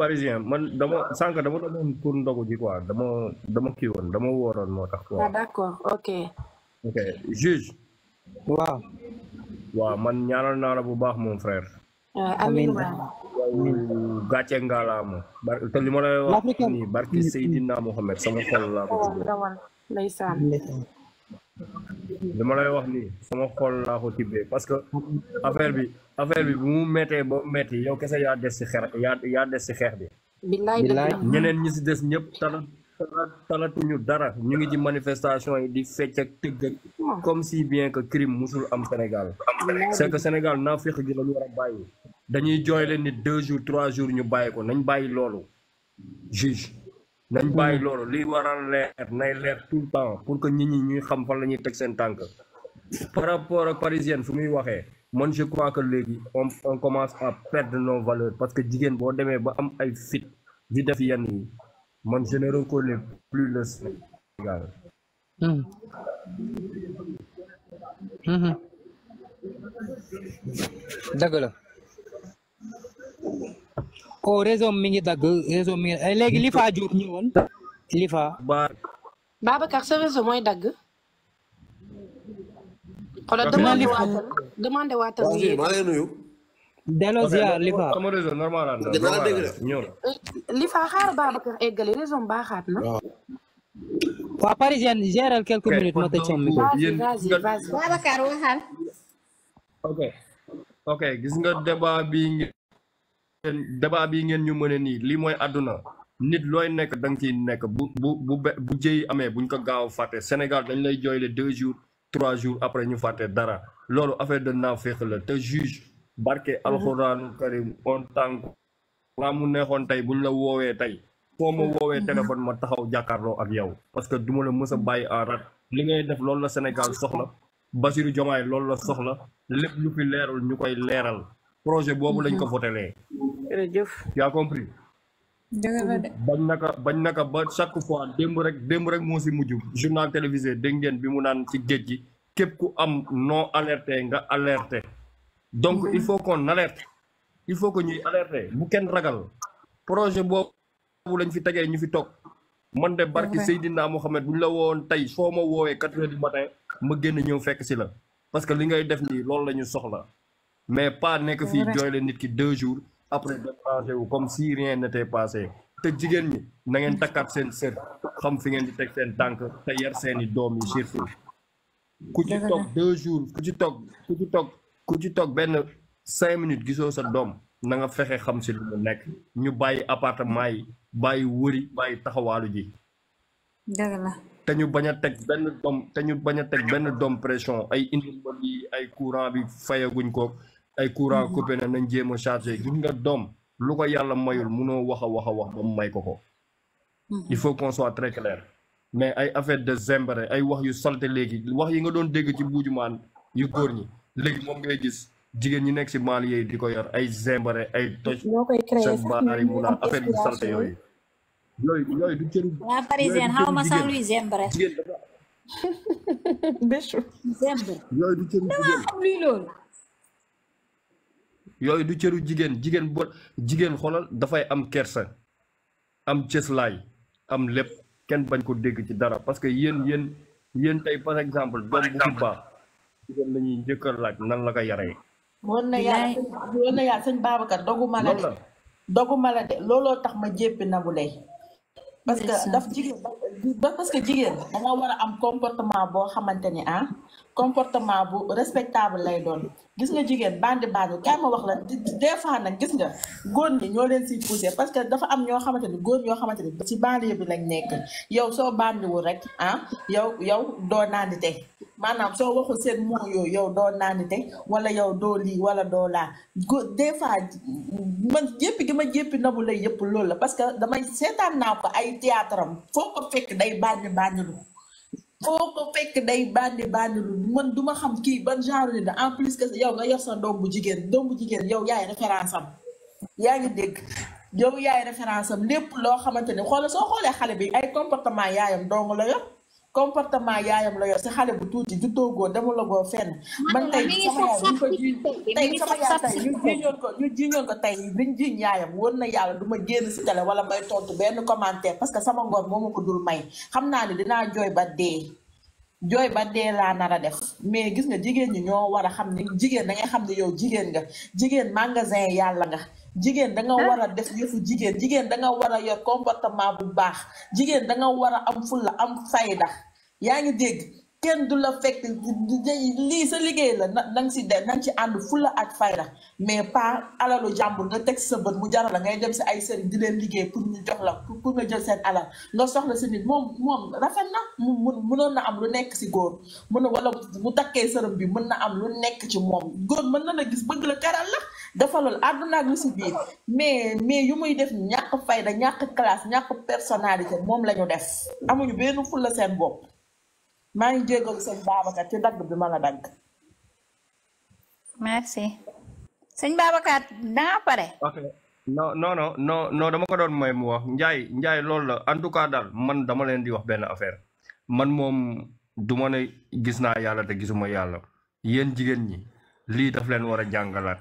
parisien man dama sànq dama doon pour ndogu ji quoi dama dama dama wooroon moo tax. waaw ah, d'accord ok. juge. waaw. waaw man ñaanal naa bu baax moom frère. Euh, amiin waaw gàcce te li ma lay wax nii barke Seydina Mohamed sama xol laa li ma lay wax nii sama xool laa ko tibbee parce que affaire bi affaire bi bu mu méttee ba métti yow kese yaa des si xeex des si xeex bi. billaay ñeneen ñi si des ñëpp tala talatuñu dara ñu ngi ci manifestation yi di fecc ak tëgg comme si bien que crime mosul am Sénégal. c'est que Sénégal naafiq gi la ñu war bàyyi. dañuy jooyle nit deux jours trois jours ñu bàyyi ko nañ bàyyi loolu juge. nañ bàyyi loolu li waral leer nay leer tout temps pour que nit ñi ñuy xam fan la ñuy teg seen tànk par rapport ak parisienne fu muy waxee man je crois que léegi on on commence à perdre nos valeurs parce que jigéen boo demee ba am ay fit di def yenn yi man je ne plus le Sénégal. Hmm. Hmm. dëgg o réseau mi ngi dagg réseau mi ngi léegi Lifa Diop ñëwoon Lifa. Babacar sa réseau mooy dagg. xoolal demandé waatal demandé waatal. maa ngi nuyu. delloo Lifa. sama réseau normal Lifa xaar Babacar eggale réseau baaxaat na. waa parisienne géral quelques minutes ma tëj sama micro. Babacar waxal. ok ok gis nga débat bi débat bi ngeen ñu mëne nii lii mooy àdduna nit looy nekk da nga ciy nekk bu bu bu bu jëy amee buñ ko gaaw fàtte Sénégal dañu lay jooyle deux jours trois jours après ñu fàtte dara loolu affaire de naaféq la te juge barke mhm. alxuraanu karim on tànk laa mu neexoon tey buñ la woowee tey foo ma woowee mhm. téléphone ma taxaw jàkkaarloo ak yow parce que duma la mës a bàyyi en rat li ngay def loolu la Sénégal soxla Bassirou Diomaye loolu la soxla lépp lu fi leerul ñu koy leeral projet boobu lañ ko mhm. votelee jërëjëf yaa compris bañ naka bañ naka ba chaque fois démb rek démb rek moo si mujj journal télévisé dégg ngeen bi mu naan ci géej gi képp ku am non alerté nga alerté donc il faut qu'on alerte il faut que ñuy alerté bu kenn ragal projet boobu lañ fi tegee ñu fi toog man de barki Seydina Mohamed bu ñu la woowoon tey soo ma woowee quatre heures du matin ma génn ñëw fekk si la parce que li ngay def nii loolu la ñu soxla mais pas nekk fii jooy nit ki deux jours après déplacé wu comme si rien n'était passé te jigéen ñi nangeen takkaat seen sër xam fi ngeen di teg seen tànk te yar seeni doom yi surtout ku ci toog deux jours ku ci toog ku ci toog ku ci toog benn cinq minutes gisoo sa doom na nga fexe xam si lu mu nekk ñu bàyyi appartement yi bàyyi wëri bàyyi taxawaalu ji dëgg te ñu bañ a teg benn doom te ñu bañ a teg benn doom pression ay indi yi ay courant bi fayaguñ ko ay courant coupé na nañ jéem a chargé gis nga doom lu ko yàlla mayul munoo wax a wax a wax ba mu may ko ko il faut qu'on soit très clair mais ay affaire de zembare ay wax yu salte léegi wax yi nga doon dégg ci maan yu góor ñi léegi moom ngay gis jigéen ñi nekk si banlieue yi di ko yor ay zembare ay toj seen baanaar yi mu naan affaire yu salte yooyu yooyu waa xaw ma sax [LAUGHS] yooyu du cëru jigéen jigéen boo jigéen xoolal dafay am kersa am cëslaay am lépp kenn bañ ko dégg ci dara parce que yéen yéen yéen tey par exemple doom bu fi baax jigéen la ñuy laaj nan la ko yaree. woon na yàlla woon na yàlla ma la de dogu la de looloo tax ma jéppi Nabou Leye parce que daf jigéen ba parce que jigéen da nga war a am comportement boo xamante ni ah comportement bu respectable lay doon gis nga jigéen bandi bandi kaay ma wax la des fois nag gis nga góor ñi ñoo leen si poussé parce que dafa am ñoo xamante ni góor ñoo xamante ni ci banlieue bi lañ nekk yow soo bandiwul rek ah yow yow doo naandite maanaam soo waxul seen moo yooyu yow doo naanite wala yow doo lii wala doo laa des fois man jéppi gi ma jéppi nabu lay yëpp loolu la parce que damay seetaan naa ko ay théâtre fekk day bànni bànnilu foo ko fekk day bànni bànnilu man du ma xam kii ban genre de en plus que yow nga yor sa doom jigéen doom bu jigéen yow yaay référence am yaa ngi dégg yow yaay référence am lépp loo xamante ne xoolal soo xoolee xale bi ay comportement yaayam dong la yor comportement yaayam la yor si xale bu tuuti ju toogoo demulagoo fenn. man tey sama yaay ko ji tey sama yaay tey ñu ko ñu jiñoon ko tey liñ jiñ yaayam wóor na yàlla du ma génn si télé wala may tontu benn commentaire parce que sama ngoor moo ma ko dul may xam naa ne dinaa jooy ba dee. jooy ba dee laa nar a def mais gis nga jigéen ñi ñoo war a xam ne jigéen da xam ne yow jigéen nga jigéen magasin yàlla nga. jigéen da ah. war a def yëfu jigéen jigéen da war a yor comportement bu baax jigéen da war a am fulla am fayda yaa ngi dégg kenn du la fekk lii sa liggéey la na nga si de na ci ànd fulla ak fayda mais pas alalu jàmbur nga teg sa bët mu jaral la ngay dem si ay sëriñ di leen liggéey pour ñu jox la pour nga jël seen alal nga soxla si nit moom moom rafet na mu mënoon na am lu nekk si góor mën wala bu takkee sërëm bi mën na am lu nekk ci moom góor mën na na gis bëgg la jaral la dafa lool àdduna ak lu si biir mais mais yu muy def ñàkk fayda ñàkk classe ñàkk personnalité moom la ñu def amuñu benn fulla seen bopp maa ngi jégalu sëñ Babacar ci dagg bi ma la dagg. merci sëñ Babacar danga pare. ok non non non non dama ko doon mooy mu wax Ndiaye Ndiaye loolu la en tout cas daal man dama leen di wax benn affaire man moom du ma ne gis naa yàlla te gisuma yàlla yéen jigéen ñi lii daf leen war a jàngalaat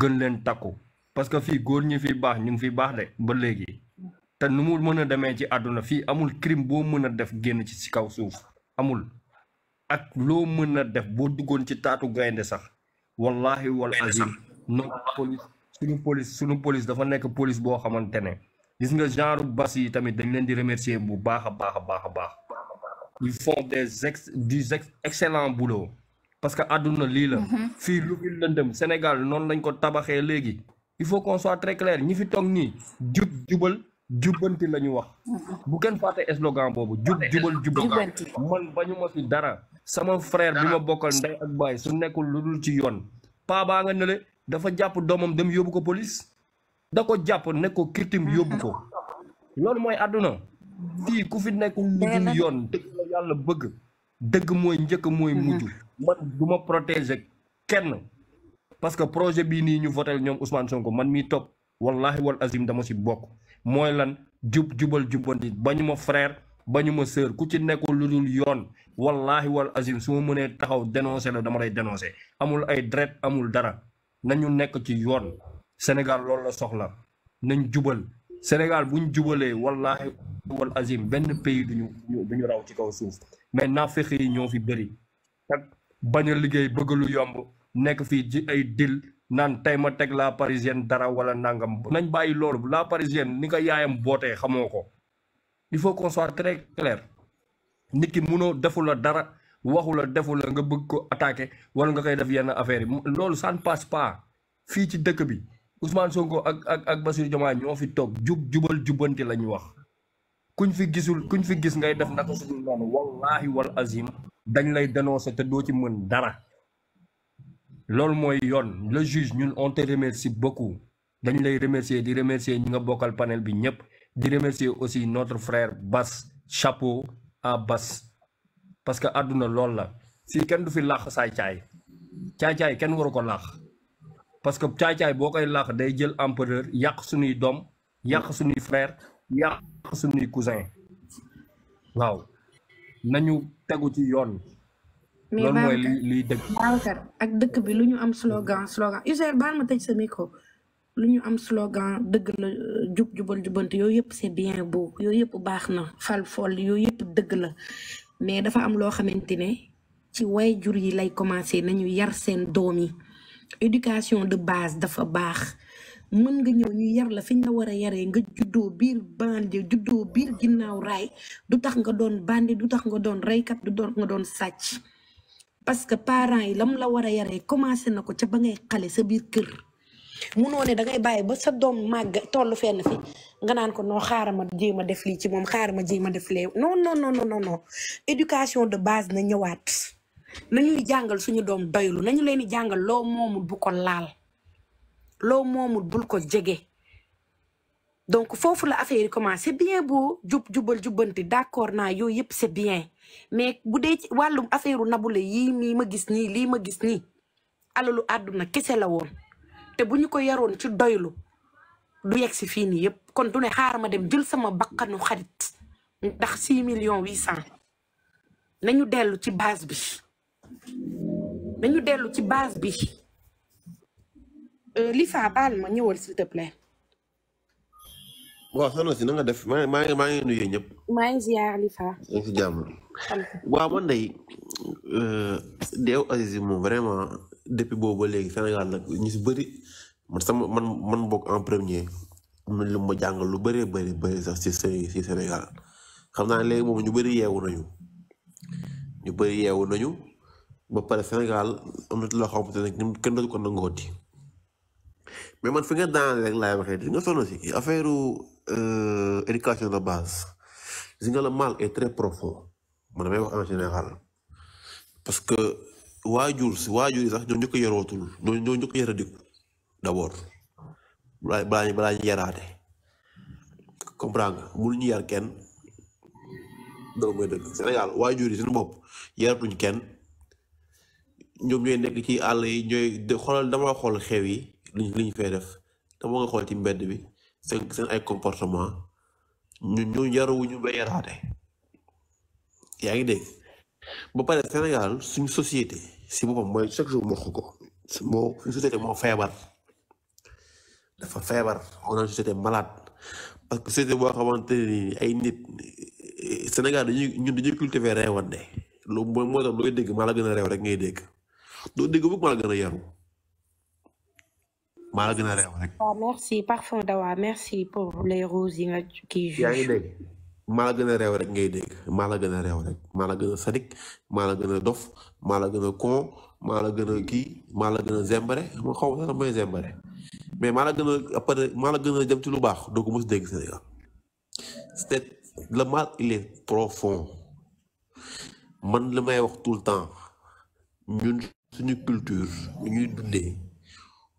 gën leen takku parce que fii góor ñi fii baax ñu ngi fi baax de ba léegi te nu mu mën a demee ci àdduna fii amul crime boo mën a def génn ci si kaw suuf. amul ak lo meuna def bo dugon ci tatu gaynde sax wallahi wal azim non police suñu police suñu police dafa nek police bo xamantene gis nga genre bas yi tamit dañ leen di remercier bu baax a baax bah baax ils font des ex du ex excellent boulot parce que aduna li la mhm. fi lu fi lëndëm Sénégal non lañ ko tabaxé légui il faut qu'on soit très clair ñi fi tok ni djub djubal jubanti lañu wax bu ken faté slogan bobu jub jubal jubanti man bañu ma fi dara sama frère bima bokal nday ak bay su nekul lu ci yoon pa ba nga neulé dafa japp domam dem yobuko police dako japp neko ne ko kirtim yóbbu ko loolu mooy àdduna ku fi nekul lu yoon deug la yalla bëgg deug moy njëkk moy muju mm-hmm. man duma protéger kenn parce que projet bi ni ñu votel ñom Ousmane Sonko man mi top wallahi wal azim dama ci bokk mooy lan jub jubal jubbanti bañu ma frère bañu ma sœur ku ci nekkul lu dul yoon wallaahi wal azim su ma mënee taxaw dénoncé la dama lay dénoncé amul ay dret amul dara nañu nekk ci yoon Sénégal loolu la soxla nañ jubal Sénégal buñ jubalee wallaahi wal azim benn pays duñu duñu raw ci kaw suuf mais naafeq yi ñoo fi bëri bañ a liggéey bëgg lu yomb nekk fii ci ay dil naan tey ma teg la parisienne dara wala nangam nañ bàyyi loolu la parisienne ni nga yaayam bootee xamoo ko il faut qu'on soit très clair nit ki munoo defu la dara waxu la defu la nga bëgg ko attaque wala nga koy def yenn affaire yi loolu san ne passe pas fii ci dëkk bi Ousmane Sonko ak ak ak Bassirou Diomaye ñoo fi toog jub jubal jubanti la ñu wax kuñ fi gisul kuñ fi gis ngay def naka suñu noonu wallahi wal azim dañ lay dénoncer te doo ci mën dara lol moy le juge ñun on te remercie beaucoup dañ lay remercier di remercier ñi panel bi ñep di remercier aussi notre frère Bas, chapeau à Bas. parce que aduna la si kenn du fi lakh saay tay tay tay kenn waru ko parce que tay tay bokay lakh day jël empereur yak suñuy dom frère yak cousin waaw nañu ci mais Babacar ak dëkk bi lu ñu am slogan slogan Usain baal ma lu ñu am slogan dëgg la jub jubal jubanti yooyu yëpp c'est bien beau yooyu yëpp baax na fal fol yooyu yëpp dëgg la mais dafa am loo xamante ne ci way jur yi lay commencé nañu yar seen doom yi éducation de base dafa baax mën nga ñëw ñu yar la fi ñu la war a yaree nga juddoo biir bandi juddoo biir ginnaaw raay du tax nga doon bandi du tax nga doon reykat du doon nga doon sàcc parce que parents yi la mu la war a yaree commencé na ko ca ba ngay xale sa biir kër munoo ne da ngay bàyyi ba sa doom màgg tollu fenn fi nga naan ko noo xaaral ma jéem ma def lii ci moom xaaral ma jéem ma def lee noo non non non non éducation de base na ñëwaat nañuy jàngal suñu doom doylu nañu leen di jàngal loo moomul bu ko laal loo moomul bul ko jege. donc foofu la affaire yi commencé c'est bien beau jub jubal jubbanti d'accord naa yooyu yëpp c'est bien mais bu dee ci wàllum affaire u Nabou Leye yii mii ma gis nii lii ma gis nii alalu àdduna kese la woon te bu ñu ko yaroon ci doylu du yegg si fii nii yëpp kon du ne xaar ma dem jël sama baqanu xarit ndax six millions huit cent nañu dellu ci base bi nañu dellu ci baas bi euh, li fa baal ma ñëwal s'il te waaw soxna si na def maa maa ngi maa ngi nuyu ñëpp. maa ngi ziar li fa. ngi si jàmm. waaw man day euh, deew Aziz moom vraiment depuis boobu ba léegi Sénégal nag ñu si bëri man sama man man bokk en premier mu lu ma jàngal lu bëree bëri bëri sax si si Sénégal xam naa léegi moom ñu bëri yeewu nañu ñu bëri yeewu nañu ba pare Sénégal am na loo xamante ne kenn dootu ko nangooti. mais man fi nga daan rek laay waxee di nga sono si affaire éducation de base gis nga le mal est très profond man damay wax en général parce que waajur si waajur yi sax ñoo njëkk yarootul ñoo ñoo njëkk yaradiku d' abord balaa balaa ñu balaa ñu yaraate comprendre nga ñu yar kenn loolu mooy dëgg Sénégal waajur yi suñu bopp yaratuñ kenn ñoom ñooy nekk ci àll yi ñooy xoolal dama xool xew yi li li ñu fay def te moo nga xool ci mbedd bi seen seen ay comportement ñu ñu yaruwuñu ba yaraate yaa ngi dégg ba pare Sénégal suñu société si boppam mooy chaque jour mokk ko moo suñu société moo feebar dafa feebar on a une société malade parce que société boo xamante ni ay nit Sénégal dañuy ñun dañuy cultiver reewande loolu mooy moo tax looy dégg maa la gën a reew rek ngay dégg doo dégg bug maa la gën a yaru merci hein. ah, parfum dawa merci pour les roses yi nga ki juge. yaa rek ngay dégg malgré gëna rek sadik mala gëna dof mala con xaw mais mala gëna après ci lu c'est le mal il est profond man limay wax tout le temps ñun suñu culture ñuy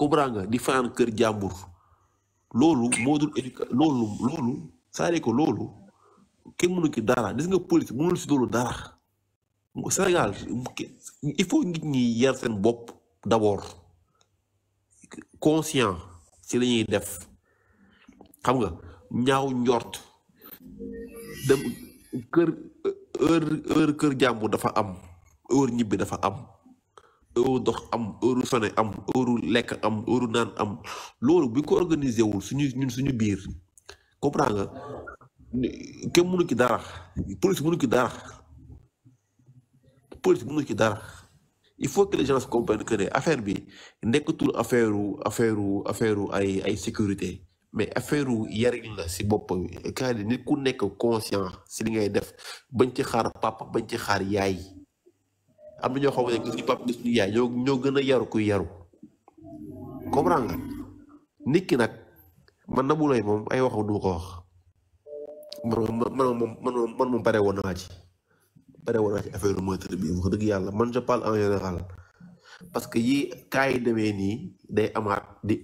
comprends nga di fanaan kër jàmbur loolu moo dul éduca loolu loolu c'est-à-dire loolu kenn mënu ki dara gis nga police mënul si loolu dara Sénégal il faut nit ñi yar seen bopp d'abord conscient ci la ñuy def xam nga ñaaw njort dem kër heure heure kër jàmbur dafa am heure ñibbi dafa am eu dox am euro fane am euro lekk am euro naan am loolu bi ko organisé wul suñu ñun suñu biir que nga kenn mënu ci dara police mënu que dara police mënu ci dara il faut que les gens comprennent que ne affaire bi nekkatul affaire affaire affaire ay ay sécurité mais affaire yarin la si bopp bi kaa nit ku nekk conscient si li ngay def bañ ci xaar papa bañ ci xaar yaay am na ñoo xam ne ñoo gën a yaru kuy yaru comprendre nga nit ki nag man na bulay moom ay wax du ko wax man man man man moom pare woon ci pare woon ci affaire meurtre bi wax dëgg yàlla man je parle en général parce que yi kaa yi nii day amaat di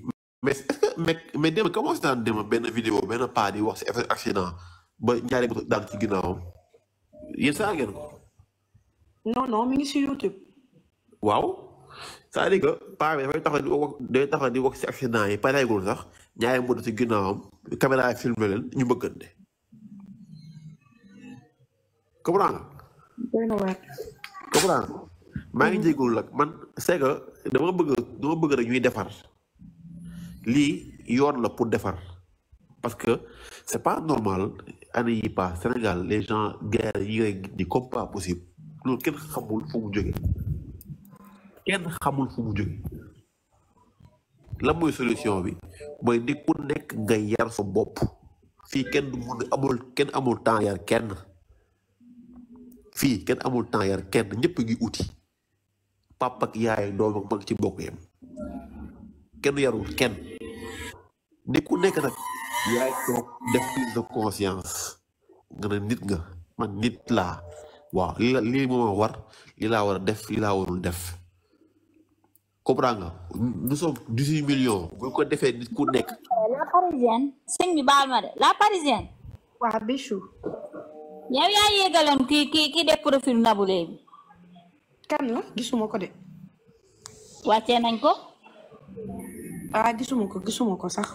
mais mais mais dem comment dem benn vidéo benn paa di wax si affaire accident ba ñaari moto daan ci ginnaawam yéen saa ngeen ko non non mi ngi si YouTube. waaw cest à paa bi dafay taxaw di wax day taxaw di wax si accident yi pareegul sax ñaari mbënd si ginnaawam caméra ñu bëggante. comprendre maa ngi mm-hmm. jégalu nag man c'est que dama bëgg dama bëgg rek ñuy defar lii yoon la pour defar parce que c'est pas normal année yi pas Sénégal les gens yi ngay di comme pas possible. loolu kenn xamul fu mu jóge la xamul mooy solution bi mooy ni ku nekk nga yar sa bopp fii kenn du mun amul kenn amul temps yar kenn fii kenn amul temps yar kenn ñëpp ngi uti papa ak yaay doom ak ci bokk yam kenn yarul kenn ni ku nekk nag yaay toog def prise de conscience nga ne nit nga man nit laa waaw lii la lii war lii laa war a def lii laa warul def comprendre nga nous sommes dix-huit millions bu ko defee nit ku nekk. la bi baal ma de la parisienne. waaw Bichou. yow yaa yéegaloon kii kii def profil Nabou Léye. kan la gisuma ko de. wàccee nañ ko. ah gisuma ko gisuma ko sax.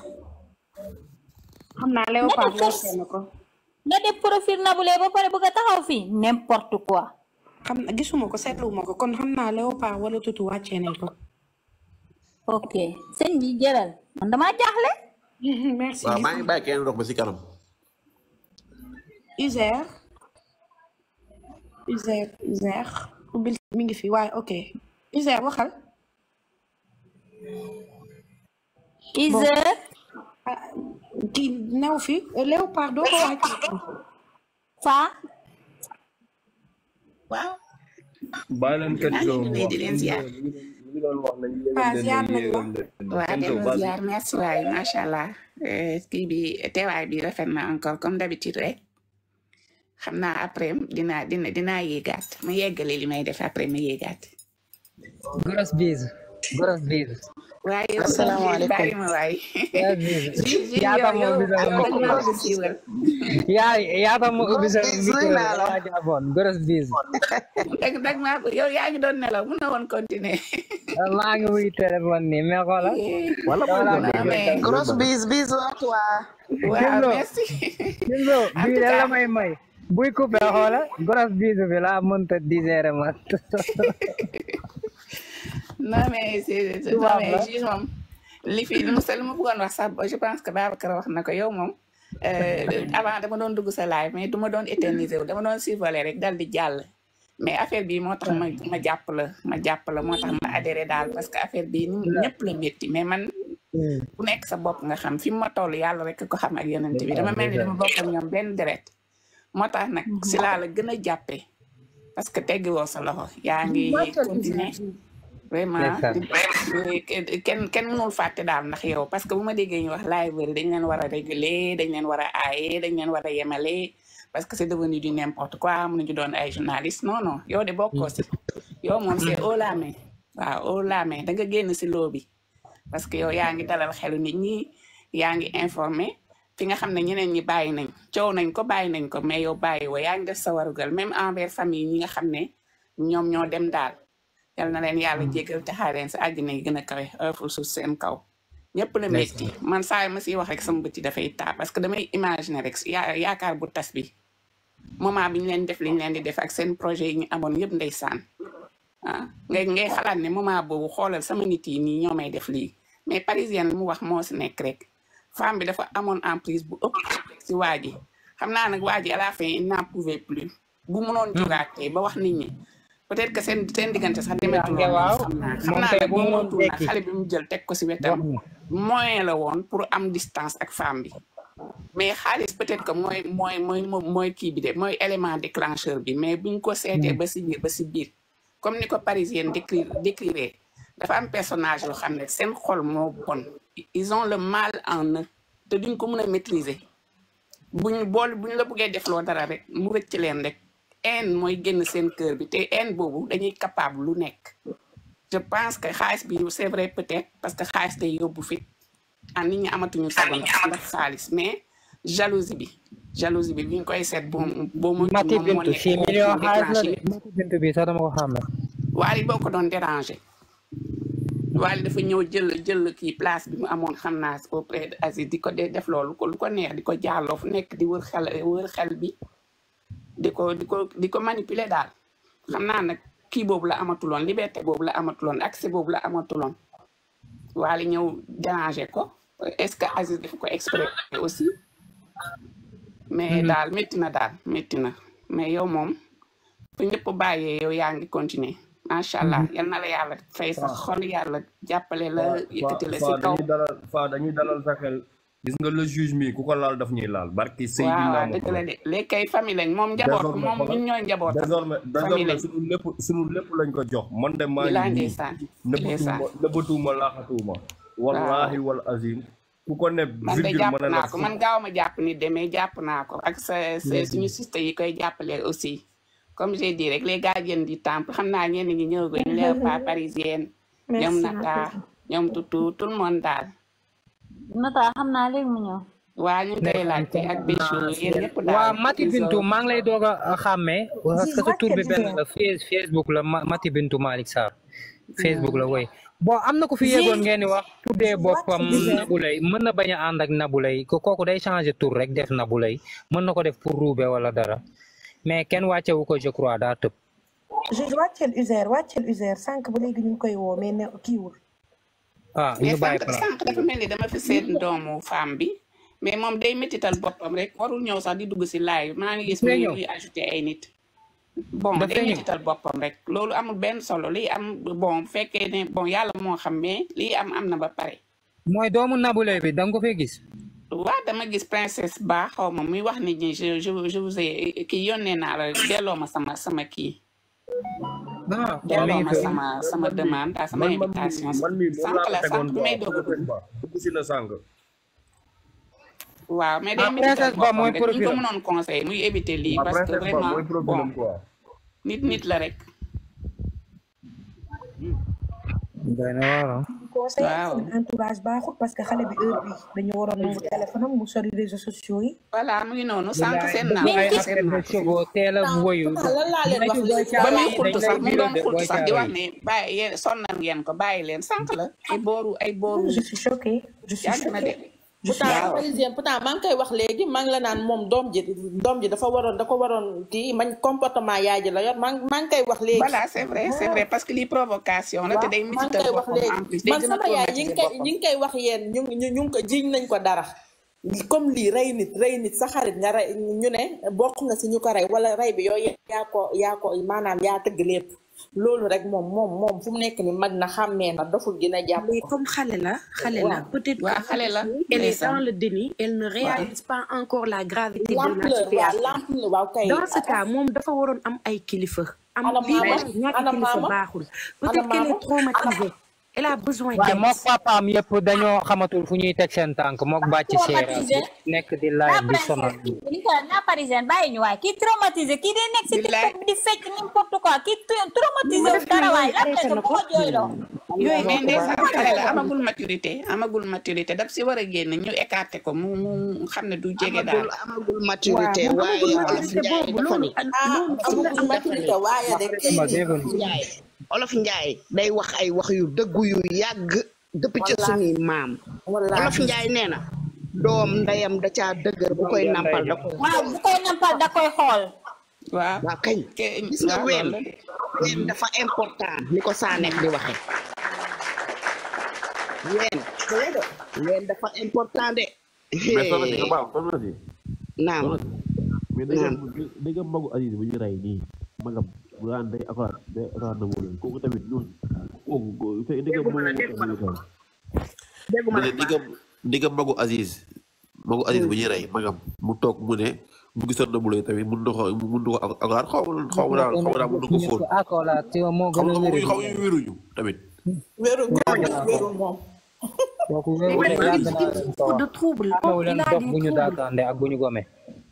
xam naa Léopard wàccee ko. nga def profil nabulee ba pare bëgg taxaw fii n'importe quoi. xam na gisuma ko seetluwuma ko kon xam naa léopard wala tutu wàccee nañ ko. ok sëñ bi jëral jaaxle. [LAUGHS] merci waaw maa ngi ba si kanam. User. User User. ubbil mi ngi fi waaye ok User waxal. User. Ah, kii new fi léopard doo ko wàcc waaw baa leen kat di leen ziar waaw ah, ziar nañ merci waay macha allah eh, kii bi teewaay bi rafet na encore comme d'habitude rek xam naa après dinaa dina dinaa mu ma yeggale li may def après ma yéegaat gros bise gros bise waaye asalaamaaleykum yaatam mo ubbi yaa yaatam mo ubbi sa jaaboon goros biis dëgg dëgg maa ko yow yaa ngi doon nelaw mun na woon continuer maa ngi wuy téléphone nii mais xoola wala goros biis biis la toi waaw merci kimbo bii de la may may buy coupé xoola goros biis bi laa mënta digérer ma non mais c'est non mais juge moom fi lu ma bëggoon wax sax je pense que Babacar wax na ko yow moom euh, avant dama doon dugg sa mais du doon éterniser dama doon survoler rek dal di jàll mais affaire bi moo tax ma ma jàpp la ma jàpp la moo tax ma adhéré daal parce que affaire bi ni ñëpp la métti mais man bu nekk sa bopp nga xam fi mu ma toll yàlla rek ko xam ak yonent bi dama mel ni dama bokk ak ñoom benn deret moo tax nag si laa gën a jàppee parce que teggi woo sa loxo yaa vraiment kenn kenn mënul fàtte daal ndax yow parce que bu ma déggee ñu wax librairie dañ leen war a réguler dañ leen war a dañ leen war a yemale parce que c'est devenu du n'importe quoi mën nañu doon ay journaliste non non yow de bokkoo si mm. yow moom c'est haut la main waaw haut la main da nga génn si loo bi parce que yow yaa ngi dalal xelu nit ñi yaa ngi informé fi nga xam ne ñeneen ñi bàyyi nañ coow nañ ko bàyyi nañ ko mais yow bàyyi woo yaa ngi def sa warugal même envers famille ñi nga xam ne ñoom ñoo dem daal yal na leen yàlla mm. jégal te xaareen sa àjjana yi gën a kawe fu suuf seen kaw ñëpp la métti man saa ma siy wax rek sama bëti dafay taa parce que damay imaginer rek yaakaar bu tas bi moment bi yi ñu amoon yëpp ndeysaan ah xalaat ne moment boobu xoolal sama nit yi nii def lii mais parisien mu wax moo si nekk rek femme bi dafa amoon emprise bu ëpp si waa xam naa nag waa ji à la fin il n'en plus bu munoon mm. jógaat tey ba wax nit ñi peut être que seen seen diggante sax demeetul waaw xam naa nag moom mootul nag bi mu jël tek ko ci wétam moyen la won pour am distance ak femme bi mais xaliss peut être que moy moy moy moy ki bi dé moy élément déclencheur bi mais buñ ko sété mm. ba ci bir ba ci bir comme niko ko parisienne décri décrire dafa am personnage lo xamné sen xol mo bon ils ont le mal en eux te duñ ko mën a maîtriser buñ bool buñ la bëggé def lo dara rek mu rëcc leen rek haine mooy génn seen kër bi te haine boobu dañuy capable lu nekk je pense que xaalis bi c'est vrai parce que xaalis te yóbbu fit ah ni ñu amatuñu ah, sago ndax xaalis mais jalousie bi jalousie bi bi koy seet boo boo moom moo nekk bi sax ko doon déranger waali dafa ñëw jël jël kii place bi mu amoon xam naa auprès de Aziz di ko def loolu lu ko neex di ko jaaloo fu nekk di wër xel wër xel bi di ko di ko di ko manipuler daal xam naa nag kii boobu la amatuloon liberté boobu la amatuloon accès boobu la amatuloon waali ñëw déranger ko est-ce que Aziz def ko exprès aussi mais mm-hmm. daal métti na daal métti na mais yow moom bu ñëpp bàyyee yow yaa ngi continuer macha allah mm-hmm. yal na la yàlla fay sa xol yàlla jàppale la yëkkati la si kaw fa dañuy dalal sa xel gis nga le juge mi ku ko laal daf ñuy laal barki sëy bi waaw dëgg la de léegi kay famille lañ moom njaboot moom ñun ñooy njaboot désormais désormais sunu lépp sunu lépp lañ ko jox man de maa ngi nii nëbbatuuma nëbbatuuma laaxatuuma wallahi wal azim ku ko ne virgule mën naa ko man gaaw ma jàpp ni demee jàpp naa ko ak sa suñu siste yi koy jàppale aussi comme j'ai dit rek les gardiens du temple xam naa ñenn ñi ñëw ñu leer [LAUGHS] pas parisienne ñoom Nata ñoom Tutu tout le monde daal Nata xam na léegi mu ñëw. waa Mati Bintu maa ngi lay doog a xàmmee. parce tur bi benn Facebook la Mati Bintu Malick Sarr. Mm. Facebook la woy bon am na ko fi yeggoon ngeen wax. tuddee boppam Naboulaye mën na bañ a ànd koku day changé tur rek def Naboulaye mën na ko def pour ruube wala dara mais kenn wàcce wu ko je daa tëb. je wàcceel user wàcceel user sànq ba léegi ñu koy woo kiiwul. ah ñu bàyyi dafa mel ni dama fi seet doomu femme bi mais moom day métital boppam rek warul ñëw sax di dugg si live maa ngi gis. muy muy ajouté ay nit. bon day métital boppam rek loolu amul benn solo li am bon bu fekkee ne bon yàlla moo xam mais lii am am na ba pare. mooy doomu nabule bi da nga ko fee gis. waaw dama gis princesse ba xaw ma muy wax nit ñi je je vous kii yónnee naa la delloo ma sama sama kii. delloo ma sama sama demande ak sama invitation sànq la sànq bi may doog waaw mais day mérite boo xam ne dañ ko lii parce que vraiment la rek doy na waar ah. conseil seen entourage baaxul parce que xale bi heure bi dañu waroon a téléphone am mu sori réseaux sociaux yi. voilà mu ngi noonu sànq seen seen naa teel a voyu. lan ba muy xultu sax mu doon xultu sax di wax ne bàyyi yéen ngeen ko bàyyi leen sànq la. ay booru ay booru. je suis choquée je pourtant parisien pourtant maa ngi koy wax léegi man la naan moom doom ji doom ji dafa waroon da waroon kii man comportement yaay ji la yor maa maa ngi koy wax léegi voilà c'est vrai lii provocation la te day métital boppam man sama yaay ñi ngi koy wax yéen ñu ñu ñu ngi ko jiñ nañ ko dara comme lii rey nit rey nit sa xarit nga rey ñu ne bokk nga si ñu ko rey wala rey bi yooyu yaa ko yaa maanaam yaa tëgg lépp comme Khalela, peut-être. elle est dans le déni. elle ne réalise pas encore la gravité. de la situation dans ce cas dafa am am peut-être qu'elle est traumatisée. elle a besoin d'aide. yëpp dañoo xamatul fu ñuy teg seen tànk mook bàcc seera nekk di live di sonal na parisien bàyyi ñu waay kii traumatisé kii day nekk di fecc n'importe quoi kii traumatisé dara waay la amagul maturité amagul si war a génn ñu ko mu xam ne du jege waaye olof njaay dafa ne olof njaay day wax ay wax yu dëggu yu yàgg depuis ci suñuy maam olof njaay nee na doom ndeyam da caa dëgër bu koy nampal da koy waaw xool waaw waaw kañ gis nga ween ween dafa important ni ko saaneex di waxe ween ween dafa important de naam naam bu daan day akar day akar na wóor kooku tamit ñun kooku magu Aziz magu Aziz bu ñuy rey magam mu toog mu ne bu gisoon na tamit mun na ko xaw xaw xaw ma daal mun na ah, xaw ñu wéruñu tamit wéru moom kooku wéru de trouble ah, ak bu gome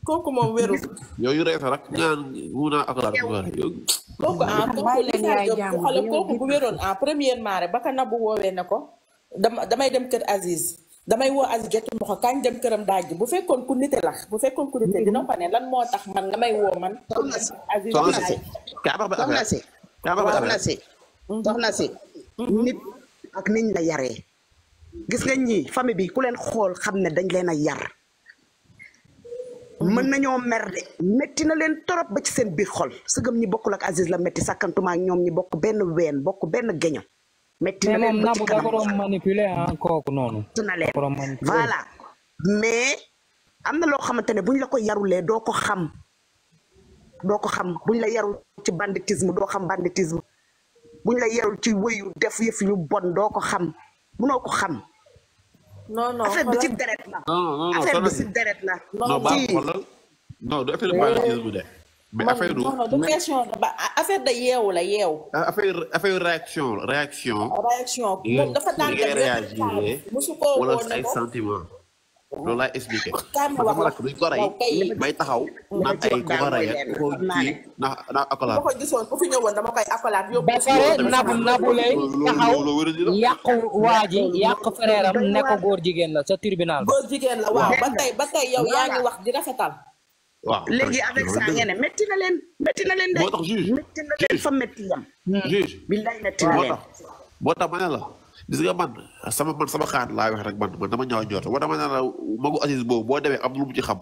kooku moom wéru. yooyu rek rek ñaan mun naa ak bu wéroon woowee na ko dama damay dem kër Aziz damay woo Aziz jotuma ko kañ dem këram daaj bu fekkoon ku nite la bu fekkoon ku nite dina lan moo tax man nga may woo man. Aziz soxna si soxna si soxna mm-hmm. si nit ak niñ la yaree. gis nga ñii famille bi ku leen xool xam ne dañ leen a yar. mën nañoo mer de métti na leen trop ba ci seen biir xol sëgëm ñi bokkul ak Aziz la métti sàkkantuma ak ñoom ñi bokk benn ween bokk benn geño metti na leen ba ci kanam mais moom manipulé kooku noonu. na mais am na loo xamante ne buñ la ko yarulee doo ko xam doo ko xam buñ la yarul ci banditisme doo xam banditisme buñ la yarul ci wëyu def yëf yu bon doo ko xam noo ko xam. non non affaire bi ci não não non non non affaire bi não não não non baax xoolal non não affaire banditisme bu não mais affaire não non é. é du não é, ba affaire hum, não yeewu la não affaire affaire né? não réaction. réaction não dafa tànk não musu ko não ay sentiment. loolu laay expliqué. sama rakk duñ ko rey bay taxaw. naan ay ku ko rey ak ko kii ndax ndax accolade. boo ko gisoon bu ba pare nabu nabu lay taxaw yàq waa ji yàq frère am ne ko góor jigéen la sa tribunal. góor jigéen la ba tey ba tey yow yaa wax di rafetal. léegi avec ça ngeen leen métti leen fa métti yam. juge billaay moo tax ma gis nga man sama man sama xaar laay wax rek man man dama ñaaw njort dama naan la magu boobu boo demee am lu mu ci xam.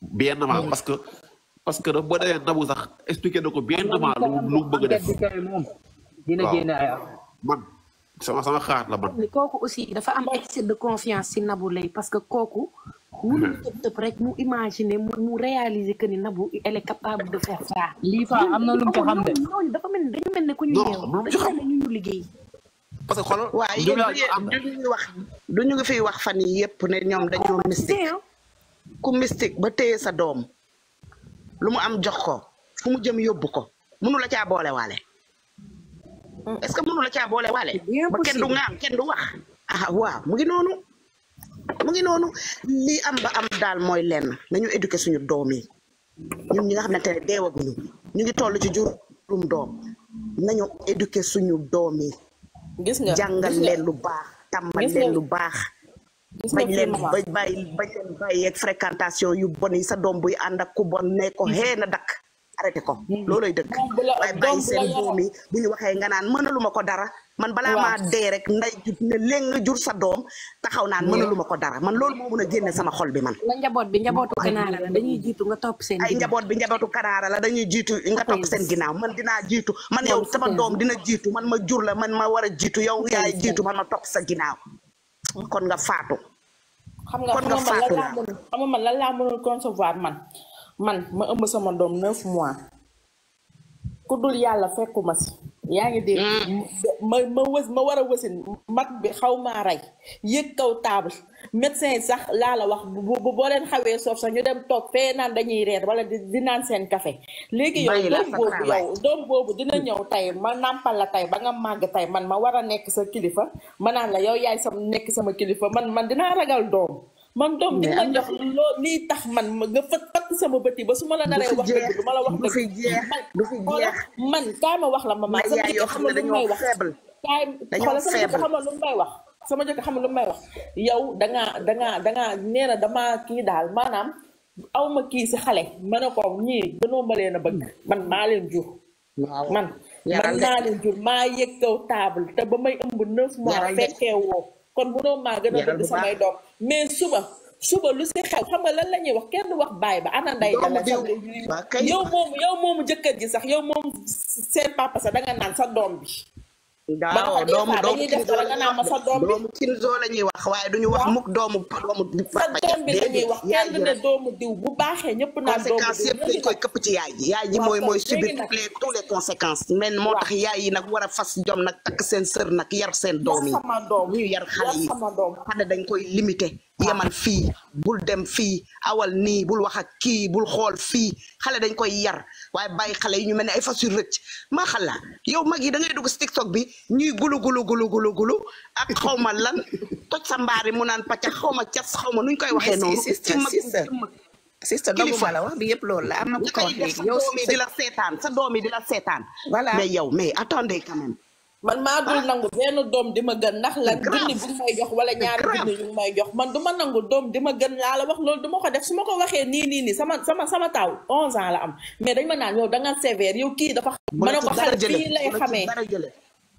bien avant hmm. que parce que boo demee nabu sax expliqué na ko bien bëgg def. dina génne ay man sama sama xaar la man. kooku aussi dafa am excès de confiance ci nabu lay parce que kooku. mënul hmm. tëb tëb rek mu imaginer mu mu réaliser que ni Nabou elle est capable de faire ça. lii fa am na lu mu ci xam de. dafa mel ni dañu mel ne ku ñu. non lu mu ci xam dañu ñu liggéey. parce que xoolal. du ñu wax du ñu ngi fi wax fan yi yëpp ne ñoom dañoo ah, mystique. ku mystique ba téye sa doom lu mu am jox ko fu mu jëm yóbbu ko mënu la caa boole waale. Mm. est-ce que mënu la waale. ba kenn du ŋaam kenn du wax. ah waaw mu ngi noonu. mu ngi noonu lii am ba am daal mooy lenn nañu éduquer suñu doom yi ñun ñi nga xamante ne deewaguñu ñu ngi toll ci jurum doom nañu éduquer suñu doom yi. gis nga jàngal leen lu baax tàmmal leen lu baax bañ leen bañ bàyyi bañ leen bàyyi ak yu bon yi sa doom buy ànd ak ku bon ne ko xee na dakk arrêté ko mm-hmm. loolay dëgg waaye bàyyi seen doom yi waxee nga naan mënaluma ko dara man balaa maa dee rek nday ju ne léeg jur sa doom taxaw naan mm-hmm. mënaluma ko dara man loolu moo mun a génne sama xol bi man la njaboot bi njabootu kanaara la dañuy jiitu nga topp seen ay njaboot bi njabootu kanaara la dañuy jiitu nga topp seen ginnaaw man dinaa jiitu man yow sama doom dina jiitu man ma jur la man ma war a jiitu yow yaay jiitu man ma topp sa ginnaaw mm-hmm. kon nga faatu kon nga faatu la xam nga man lan laa mënul man man ma ëmb sama doom neuf mois ku dul yàlla fekkuma si yaa ngi dégg mm. ma ma wës ma war a wësin mag bi xaw ma rey yëg kaw table médecin yi sax laa la wax bu boo leen xawee soof sax ñu dem toog fee naan dañuy reer wala di naan seen kafe léegi yow doom boobu yow doom boobu dina ñëw tey ma nàmpal la tey ba nga màgg tey man ma war a nekk sa kilifa ma naan la yow yaay sam nekk sama kilifa man man dinaa ragal doom Ya. man di ma jox ni lii tax man nga sama beti, ba su la naree wax dëgg ma la wax du fi man ma wax la ma sama jëkk xamal lu may wax sama jëkk xamal lu may wax sama juga kau lu may wax yow dangaa dangaa dangaa nee na damaa kii daal maanaam aw ma kii si xale ma ne ko ñii ma bëgg man maa leen man man leen table te ba may ëmb mois kon munoo maa gën a bëgg samay doom mais suba suba lu si xew xam nga lan la ñuy wax kenn wax baay ba ana nday dala yow moomu yow moomu jëkkër ji sax yow moom seen papa sax danga naan sa doom bi daaw doomu doomu doomu Kinzo la ñuy wax waaye du ñu wax mukk doomu doomu. fa doom bi la doomu diw bu baaxee ñëpp naan doomu conséquences yëpp dañ koy këpp ci yaay ji yaay ji mooy mooy subir toutes les tous les conséquences. men moo tax yaay yi nag war a fas jom nag takk seen sër nag yar seen doom yi. ñu yar xale dañ koy limité. yemal fii bul dem fii awal nii bul wax ak kii bul xool fii xale dañ koy yar waaye bàyyi xale yi ñu mel ne ay fas yu rëcc maa xala yow mag yi da ngay dugg si tiktok bi ñuy gulu gulu gulu gulu gulu ak xawma lan toj sa mbaari mu naan a xawma cas xawma nuñ koy waxee noonu ci mag sista doomu ma la wax bi yëpp loolu la am na ku ko wax sa doom yi di la seetaan sa doom yi di la seetaan mais yow mais attendez quand même man maa du ah. nangu benn doom di ma gën ndax la junni bu may jox wala ñaari junni yu may jox man du ma nangu doom di ma gën laa a wax loolu du ma ko def su ma ko waxee nii nii nii sama sama sama taw 11 ans la am mais dañ ma naan yow da nga sévère yow kii dafa. mën na ko xale fii lay xamee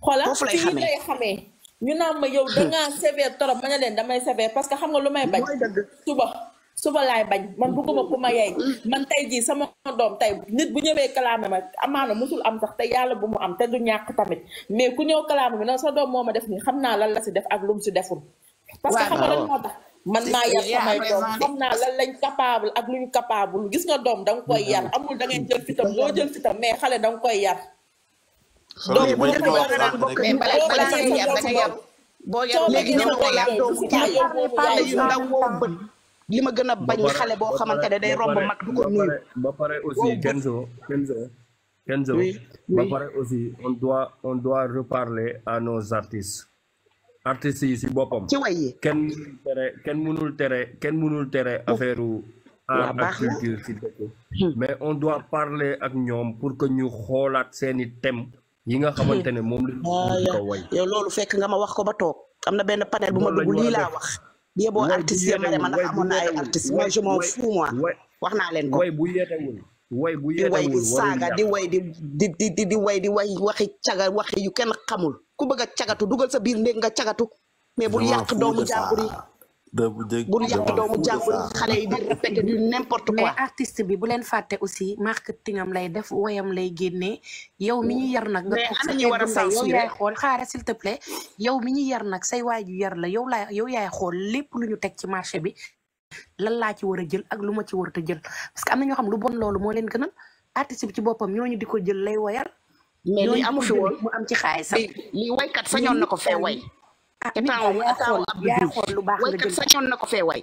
xola fii lay xamee. ñu naan ma yow da ngaa sévère trop ma ne leen damay sévère parce que xam nga lu may bañ suba. suba laay bañ man bëgguma ku ma yey man tey jii sama doom tey nit bu ñëwee kalaame ma amaana musul am sax te yàlla bu mu am te du ñàkk tamit mais ku ñëw kalaame bi nag sa doom moo ma def nii xam naa lan la si def ak lu mu si deful parce que xam nga man naa yar samay doom xam naa lan lañ capable ak lu ñu capable gis nga doom da nga koy yar mm-hmm. amul da ngay jël fitam loo jël fitam mais xale da koy yar doom bu ñu ko daan bokk boo yar léegi ñu ko yar doom bu ñu yar xale yu ndaw woo bët li ma bañ xalé bo xamantene day romb mak duko nuyu. ba pare aussi Kenzo Kenzo. Kenzo ba pare aussi on doit on doit reparler à nos artistes. artistes yi si boppam. ci way Ken téré Ken mënul téré ken mënul téré affaire art ak culture dëkk. Hmm. mais on doit parler ak ñom pour que ñu xolaat seeni thème yi nga xamantene hmm. mom li ah, ko way yow lolu fekk nga ma wax ko ba tok am na benn panel bu ma dugg li la wax. bi yeboo artiste yëpp ma ne man ndax amoon na ay artiste moi je wax naa leen ko. way bu yeetewul way bu yeetewul di saaga di way di di di di way di way waxi caga waxi yu kenn xamul ku bëgg a cagatu dugal sa biir ndéeg nga cagatu mais bu yàq doomu jàmbur bu yàq doomu jàmbur xale yi di répété n'importe quoi. mais artiste bi bu leen fàtte aussi marketing am lay def woyam lay génnee yow mi ñu yar nag. nga toog ñu war a yow xool xaaral s'il te plaît. mi ñu yar nag say waaju yar la yow laa yow yaay xool lépp lu ñu teg ci marché bi lan laa ci war a jël ak lu ma ci warut a jël parce que am na ñoo xam lu bon loolu moo leen gënal artist bi ci boppam ñooñu di ko jël lay woyal. mais li amu fi woon mu am ci xaalisam. li waykat sañoon na ko fee way. Ah, yaay xool lu baax waykat sañoon na ko fee way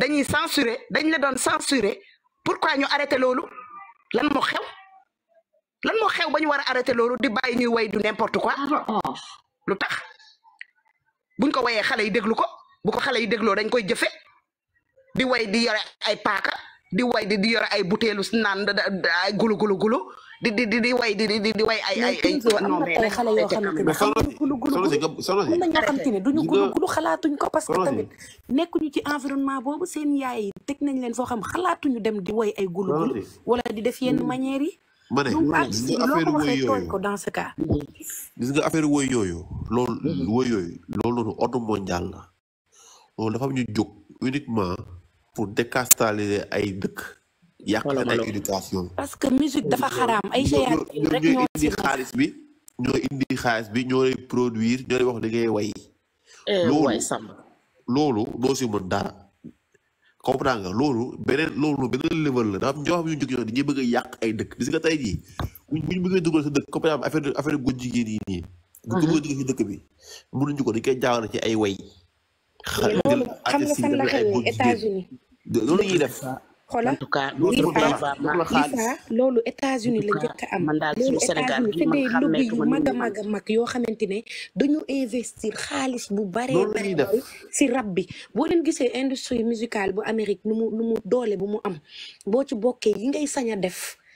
dañuy censuré dañ la doon censuré pourquoi ñu arrêté loolu lan moo xew lan moo xew ba ñu war a arrêté loolu di bàyyi ñuy way du n'importe quoi lu tax buñ ko wayee xale yi déglu ko bu ko xale yi dégloo dañ koy jëfe di way di yore ay paaka di way di di yore ay butéelu naan gulo gulo gulo di di di di way di di di way ay ay ay. non mais xale yoo xamante ne gulu gulu am na ñoo xamante ne duñu gulu gulu xalaatuñ ko parce que tamit nekkuñu ci environnement boobu seen yaay yi teg nañ leen foo xam xalaatuñu dem di way ay gulu gulu wala di def yenn manière yi. ma ne gis nga affaire woy yooyu ko dans ce cas. gis nga affaire woy yooyu loolu mm-hmm. woy yooyu loolu noonu ordre mondial la loolu dafa am ñu jóg uniquement pour décastaliser ay dëkk. yàq na ay éducation. parce que musique dafa xaraam ay sayaatin rek ñoo indi xaalis bi ñoo indi xaalis bi ñoo lay produire ñoo lay wax da ngay way. Eh, loolu loolu doo si mën dara. comprends nga loolu beneen loolu beneen level la dafa am ñoo xam ñu jógee dañuy bëgg a yàq ay dëkk gis nga tey jii buñ bëggee dugal sa dëkk comme par exemple affaire affaire góor jigéen yi nii. bu mhm. dugal dugal si dëkk bi mënuñu ko dañ koy jaawale ci ay way. xale jël ay góor jigéen loolu ñuy def. xoola en tout cas loolu États-Unis la njëkk a am loolu États-Unis que dee lobby yu mag a mag a mag yoo xamante ne dañu investir xaalis bu baree baree si rab bi boo leen gisee industrie musicale bu Amérique nu mu nu mu doole bu mu am boo ci bokkee yi ngay sañ a def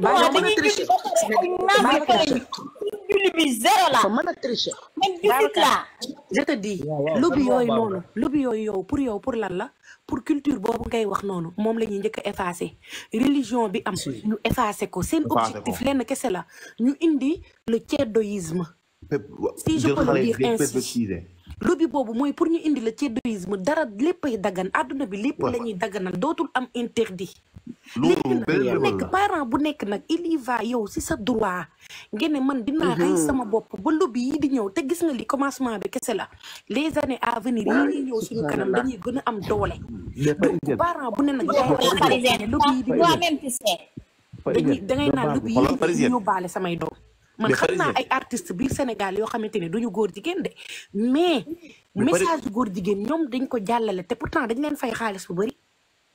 maa maa julli bi zéro la mën lobby yooyu noonu lobby yooyu yow pour yow pour lan la pour culture boobu ngay wax noonu moom la ñuy njëkk a effacer religion bi am ñu effacer ko seen objectif lenn kese la ñu indi le ceddoïsme si je peux le dire ainsi lobby boobu mooy pour ñu indi le ceddoïsme dara léppay daggan àdduna bi lépp la ñuy daganal dootul am interdit loolu benn nekk parent bu nekk nag il y va yow si sa droit ngeen man dinaa rey mhm. sama bopp ba lobby yi di ñëw te gis nga li commencement bi kese la les années à venir yi ñuy ñëw suñu kanam dañuy gën a am doole. donc parent bu ne nag yaay lobby yi di ñëw dangay samay doom. man xam naa ay artiste biir Sénégal yoo xamante ne duñu góor jigéen de mais message góor jigéen ñoom dañ ko jàllale te pour pourtant dañ leen fay xaalis bu bari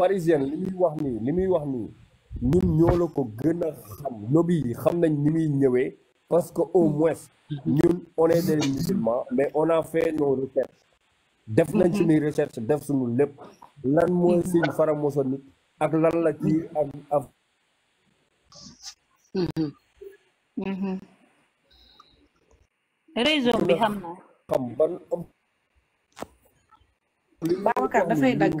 parisienne li muy wax nii li muy wax nii ñun ñoo la ko gën xam lobby yi xam nañ ni muy ñëwee parce que au moins ñun on est des mais on a fait nos def nañ suñuy recherche def suñu lépp lan mooy signe franc-maçonnique ak lan la ci ak ak raison bi xam naa xam ban am Babacar dafay dagg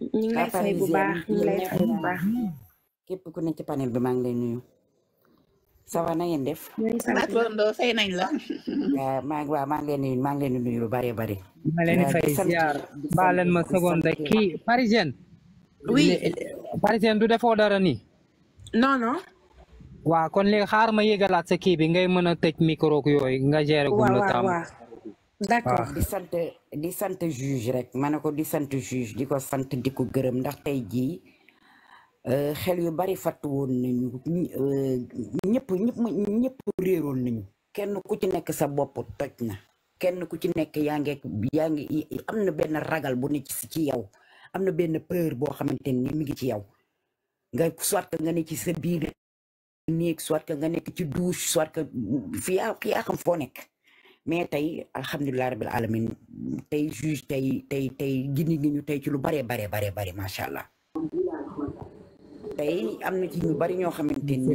ñu ngi mm-hmm. képp ku nekk ci panel bi maa ngi lay nuyu. ça na ngeen def. fay nañ la. [LAUGHS] maa ngi waaw maa ngi leen lu bari bari. ma ma seconde kii parisienne. du defoo dara ni non non. kon léegi xaar ma yëgalaat sa kii bi ngay mën a tëj micro yooyu nga gérer. waaw waaw waaw d'accord ah. di sant di sant juge rek ma ne ko di sant juge di ko sant di ko gërëm ndax tey jii euh, xel yu bari fàttu woon nañu euh, ñëpp ñëpp ñëpp réeroon nañu kenn ku ci nekk sa bopp toj na kenn ku ci nekk yaa ngi yaa ngi am na benn ragal bu ne ci yow am na benn peur boo xamante ni mi ngi ci yow nga soit que nga ne ci sa biir néeg soit que nga nekk ci douche soit que fi yaa xam foo nekk mais tey alhamdulilah rabil alamin tey juge tey tey tey gindi ngi ñu tey ci lu bëree baree baree bëri macha allah tey am na ci ñu bëri ñoo xamante ni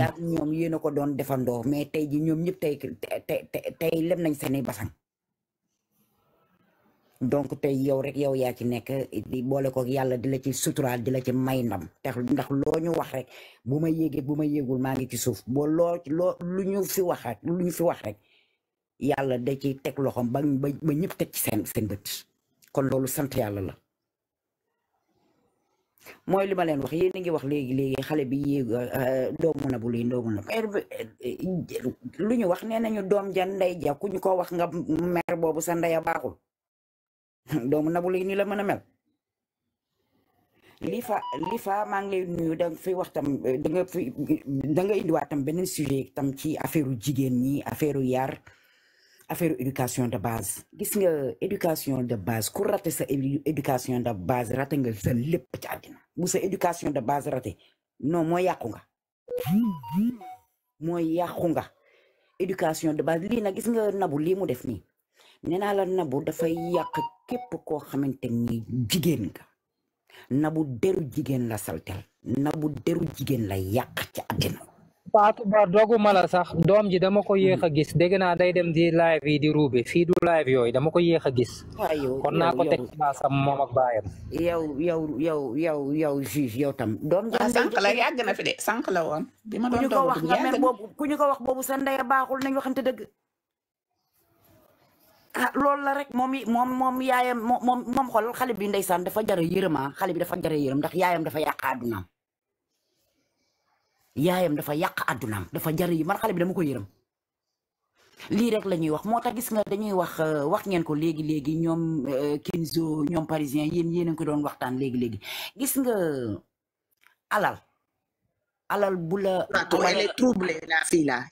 yaag ñoom yéen a ko doon defandoo mais tey ji ñoom ñëpp tey tey tey lem nañ seeni basang donc tey yow rek yow yaa ci nekk di boole ko yàlla di la ci suturaal di la ci may ndam te ndax loo ñu wax rek bu ma yéegee bu ma yéegul maa ngi ci suuf boo loo loo lu ñu fi wax rek lu ñu fi wax rek yàlla de ciy teg loxoom ba ba ñëpp teg ci seen seen bët kon loolu sant yàlla la mooy li ma leen wax yéen a ngi wax léegi léegi xale bi yéeg euh, euh, doomu na bu lii lu ñu wax nee nañu doom ja ndey ja ko wax nga boobu sa ndeya baaxul doomu na bu la mën a mel li fa li fa maa ngi lay nuyu da nga fi wax tam da indiwaat tam beneen sujet tam ci affaire jigéen ñi affaire yar affaire éducation de base gis nga éducation de base ku raté sa éducation de base raté nga sa lépp ci àddina bu sa éducation de base raté non mooy yàqu nga mooy yàqu nga éducation de base lii nag gis nga nabu lii mu def nii nee naa la nabu dafay yàq képp koo xamante ni jigéen nga nabu deru jigéen la saltel nabu deru jigéen la yàq ci àddina Fatou Ba doguma la sax doom ji dama ko yéex a hmm. gis dégg naa day dem di live yi di ruube fii du live yooyu dama ko yéex a gis. kon naa ko teg baasam moom ak baayam. yow yow yow yow yow juge yow tam. doom ji ah, sànq la yàgg na fi de sànq la woon. ko wax boobu sa ndey baaxul nañ waxante dëgg. ah loolu la rek moom moom moom yaayam moom moom xool xale bi ndeysaan dafa jar a yërëm xale bi dafa jar a ndax yaayam dafa yàq àddunaam yaayam dafa yàq àddunaam dafa jar yi man bi dama ko yërëm lii rek la ñuy wax moo tax gis nga dañuy wax euh, wax ngeen ko léegi léegi ñoom euh, Kinzo ñoom parisien yéen yéen a ko doon waxtaan léegi léegi gis nga alal alal bu la.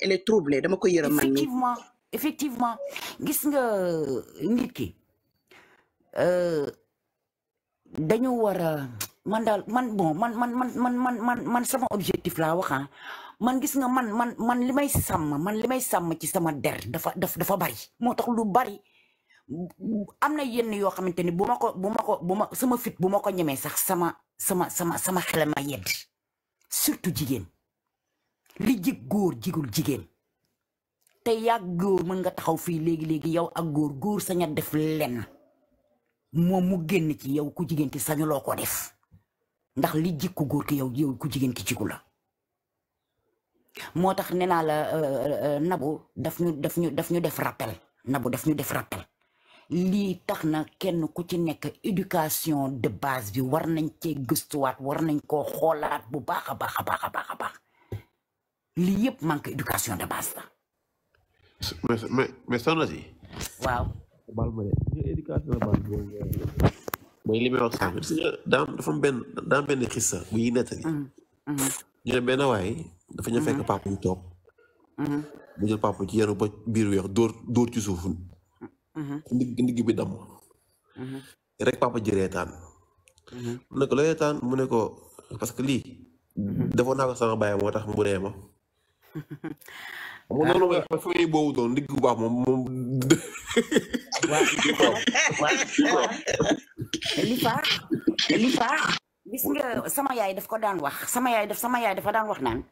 elle est dama ko yërëm man. effectivement effectivement gis nga euh, nit ki dañu war man dal man bon man man man man man man man sama objectif la wax ah. man gis nga man man man limay sam man limay sam ci sama der dafa dafa dafa bari motax lu bari amna yenn yo xamanteni buma ko buma ko buma sama fit buma ko ñëmé sax sama sama sama sama xelama yedd surtout jigen li jig goor jigul jigen te ya goor mën nga taxaw fi léegi léegi yow ak goor goor sañ def lenn moom mu genn ci yow ku jigen ci sañu ko def. ndax li jikku góor ki yow yow ku jigéen ki jiku la moo tax nee naa la nabu daf ñu daf ñu daf ñu def rappel nabu daf ñu def rappel lii tax na kenn ku ci nekk éducation de base bi war nañ ci gëstuwaat war nañ koo xoolaat bu baax a baax a baax a baax a baax éducation de base la. mais waaw. mooy li may wax ah. benn daam benn xissa buy nettali. Mm, mm. ñu benn waay dafa ñu fekk mm-hmm. papa ñu toog. Mm-hmm. mu jël papa ci yaru ba biir weex dóor dóor ci suuf. Mm-hmm. ndig ndig bi damm. rek papa ji reetaan. mu ne ko la mu ne ko parce que lii. defoon naa ko sama baay moo tax mu ree ma. [LAUGHS] moom noonu ah. mooy famille boobu doon ndigg bu baax moom moom. li fa li fa gis nga sama yaay daf ko daan wax sama yaay daf sama yaay dafa daan wax naan.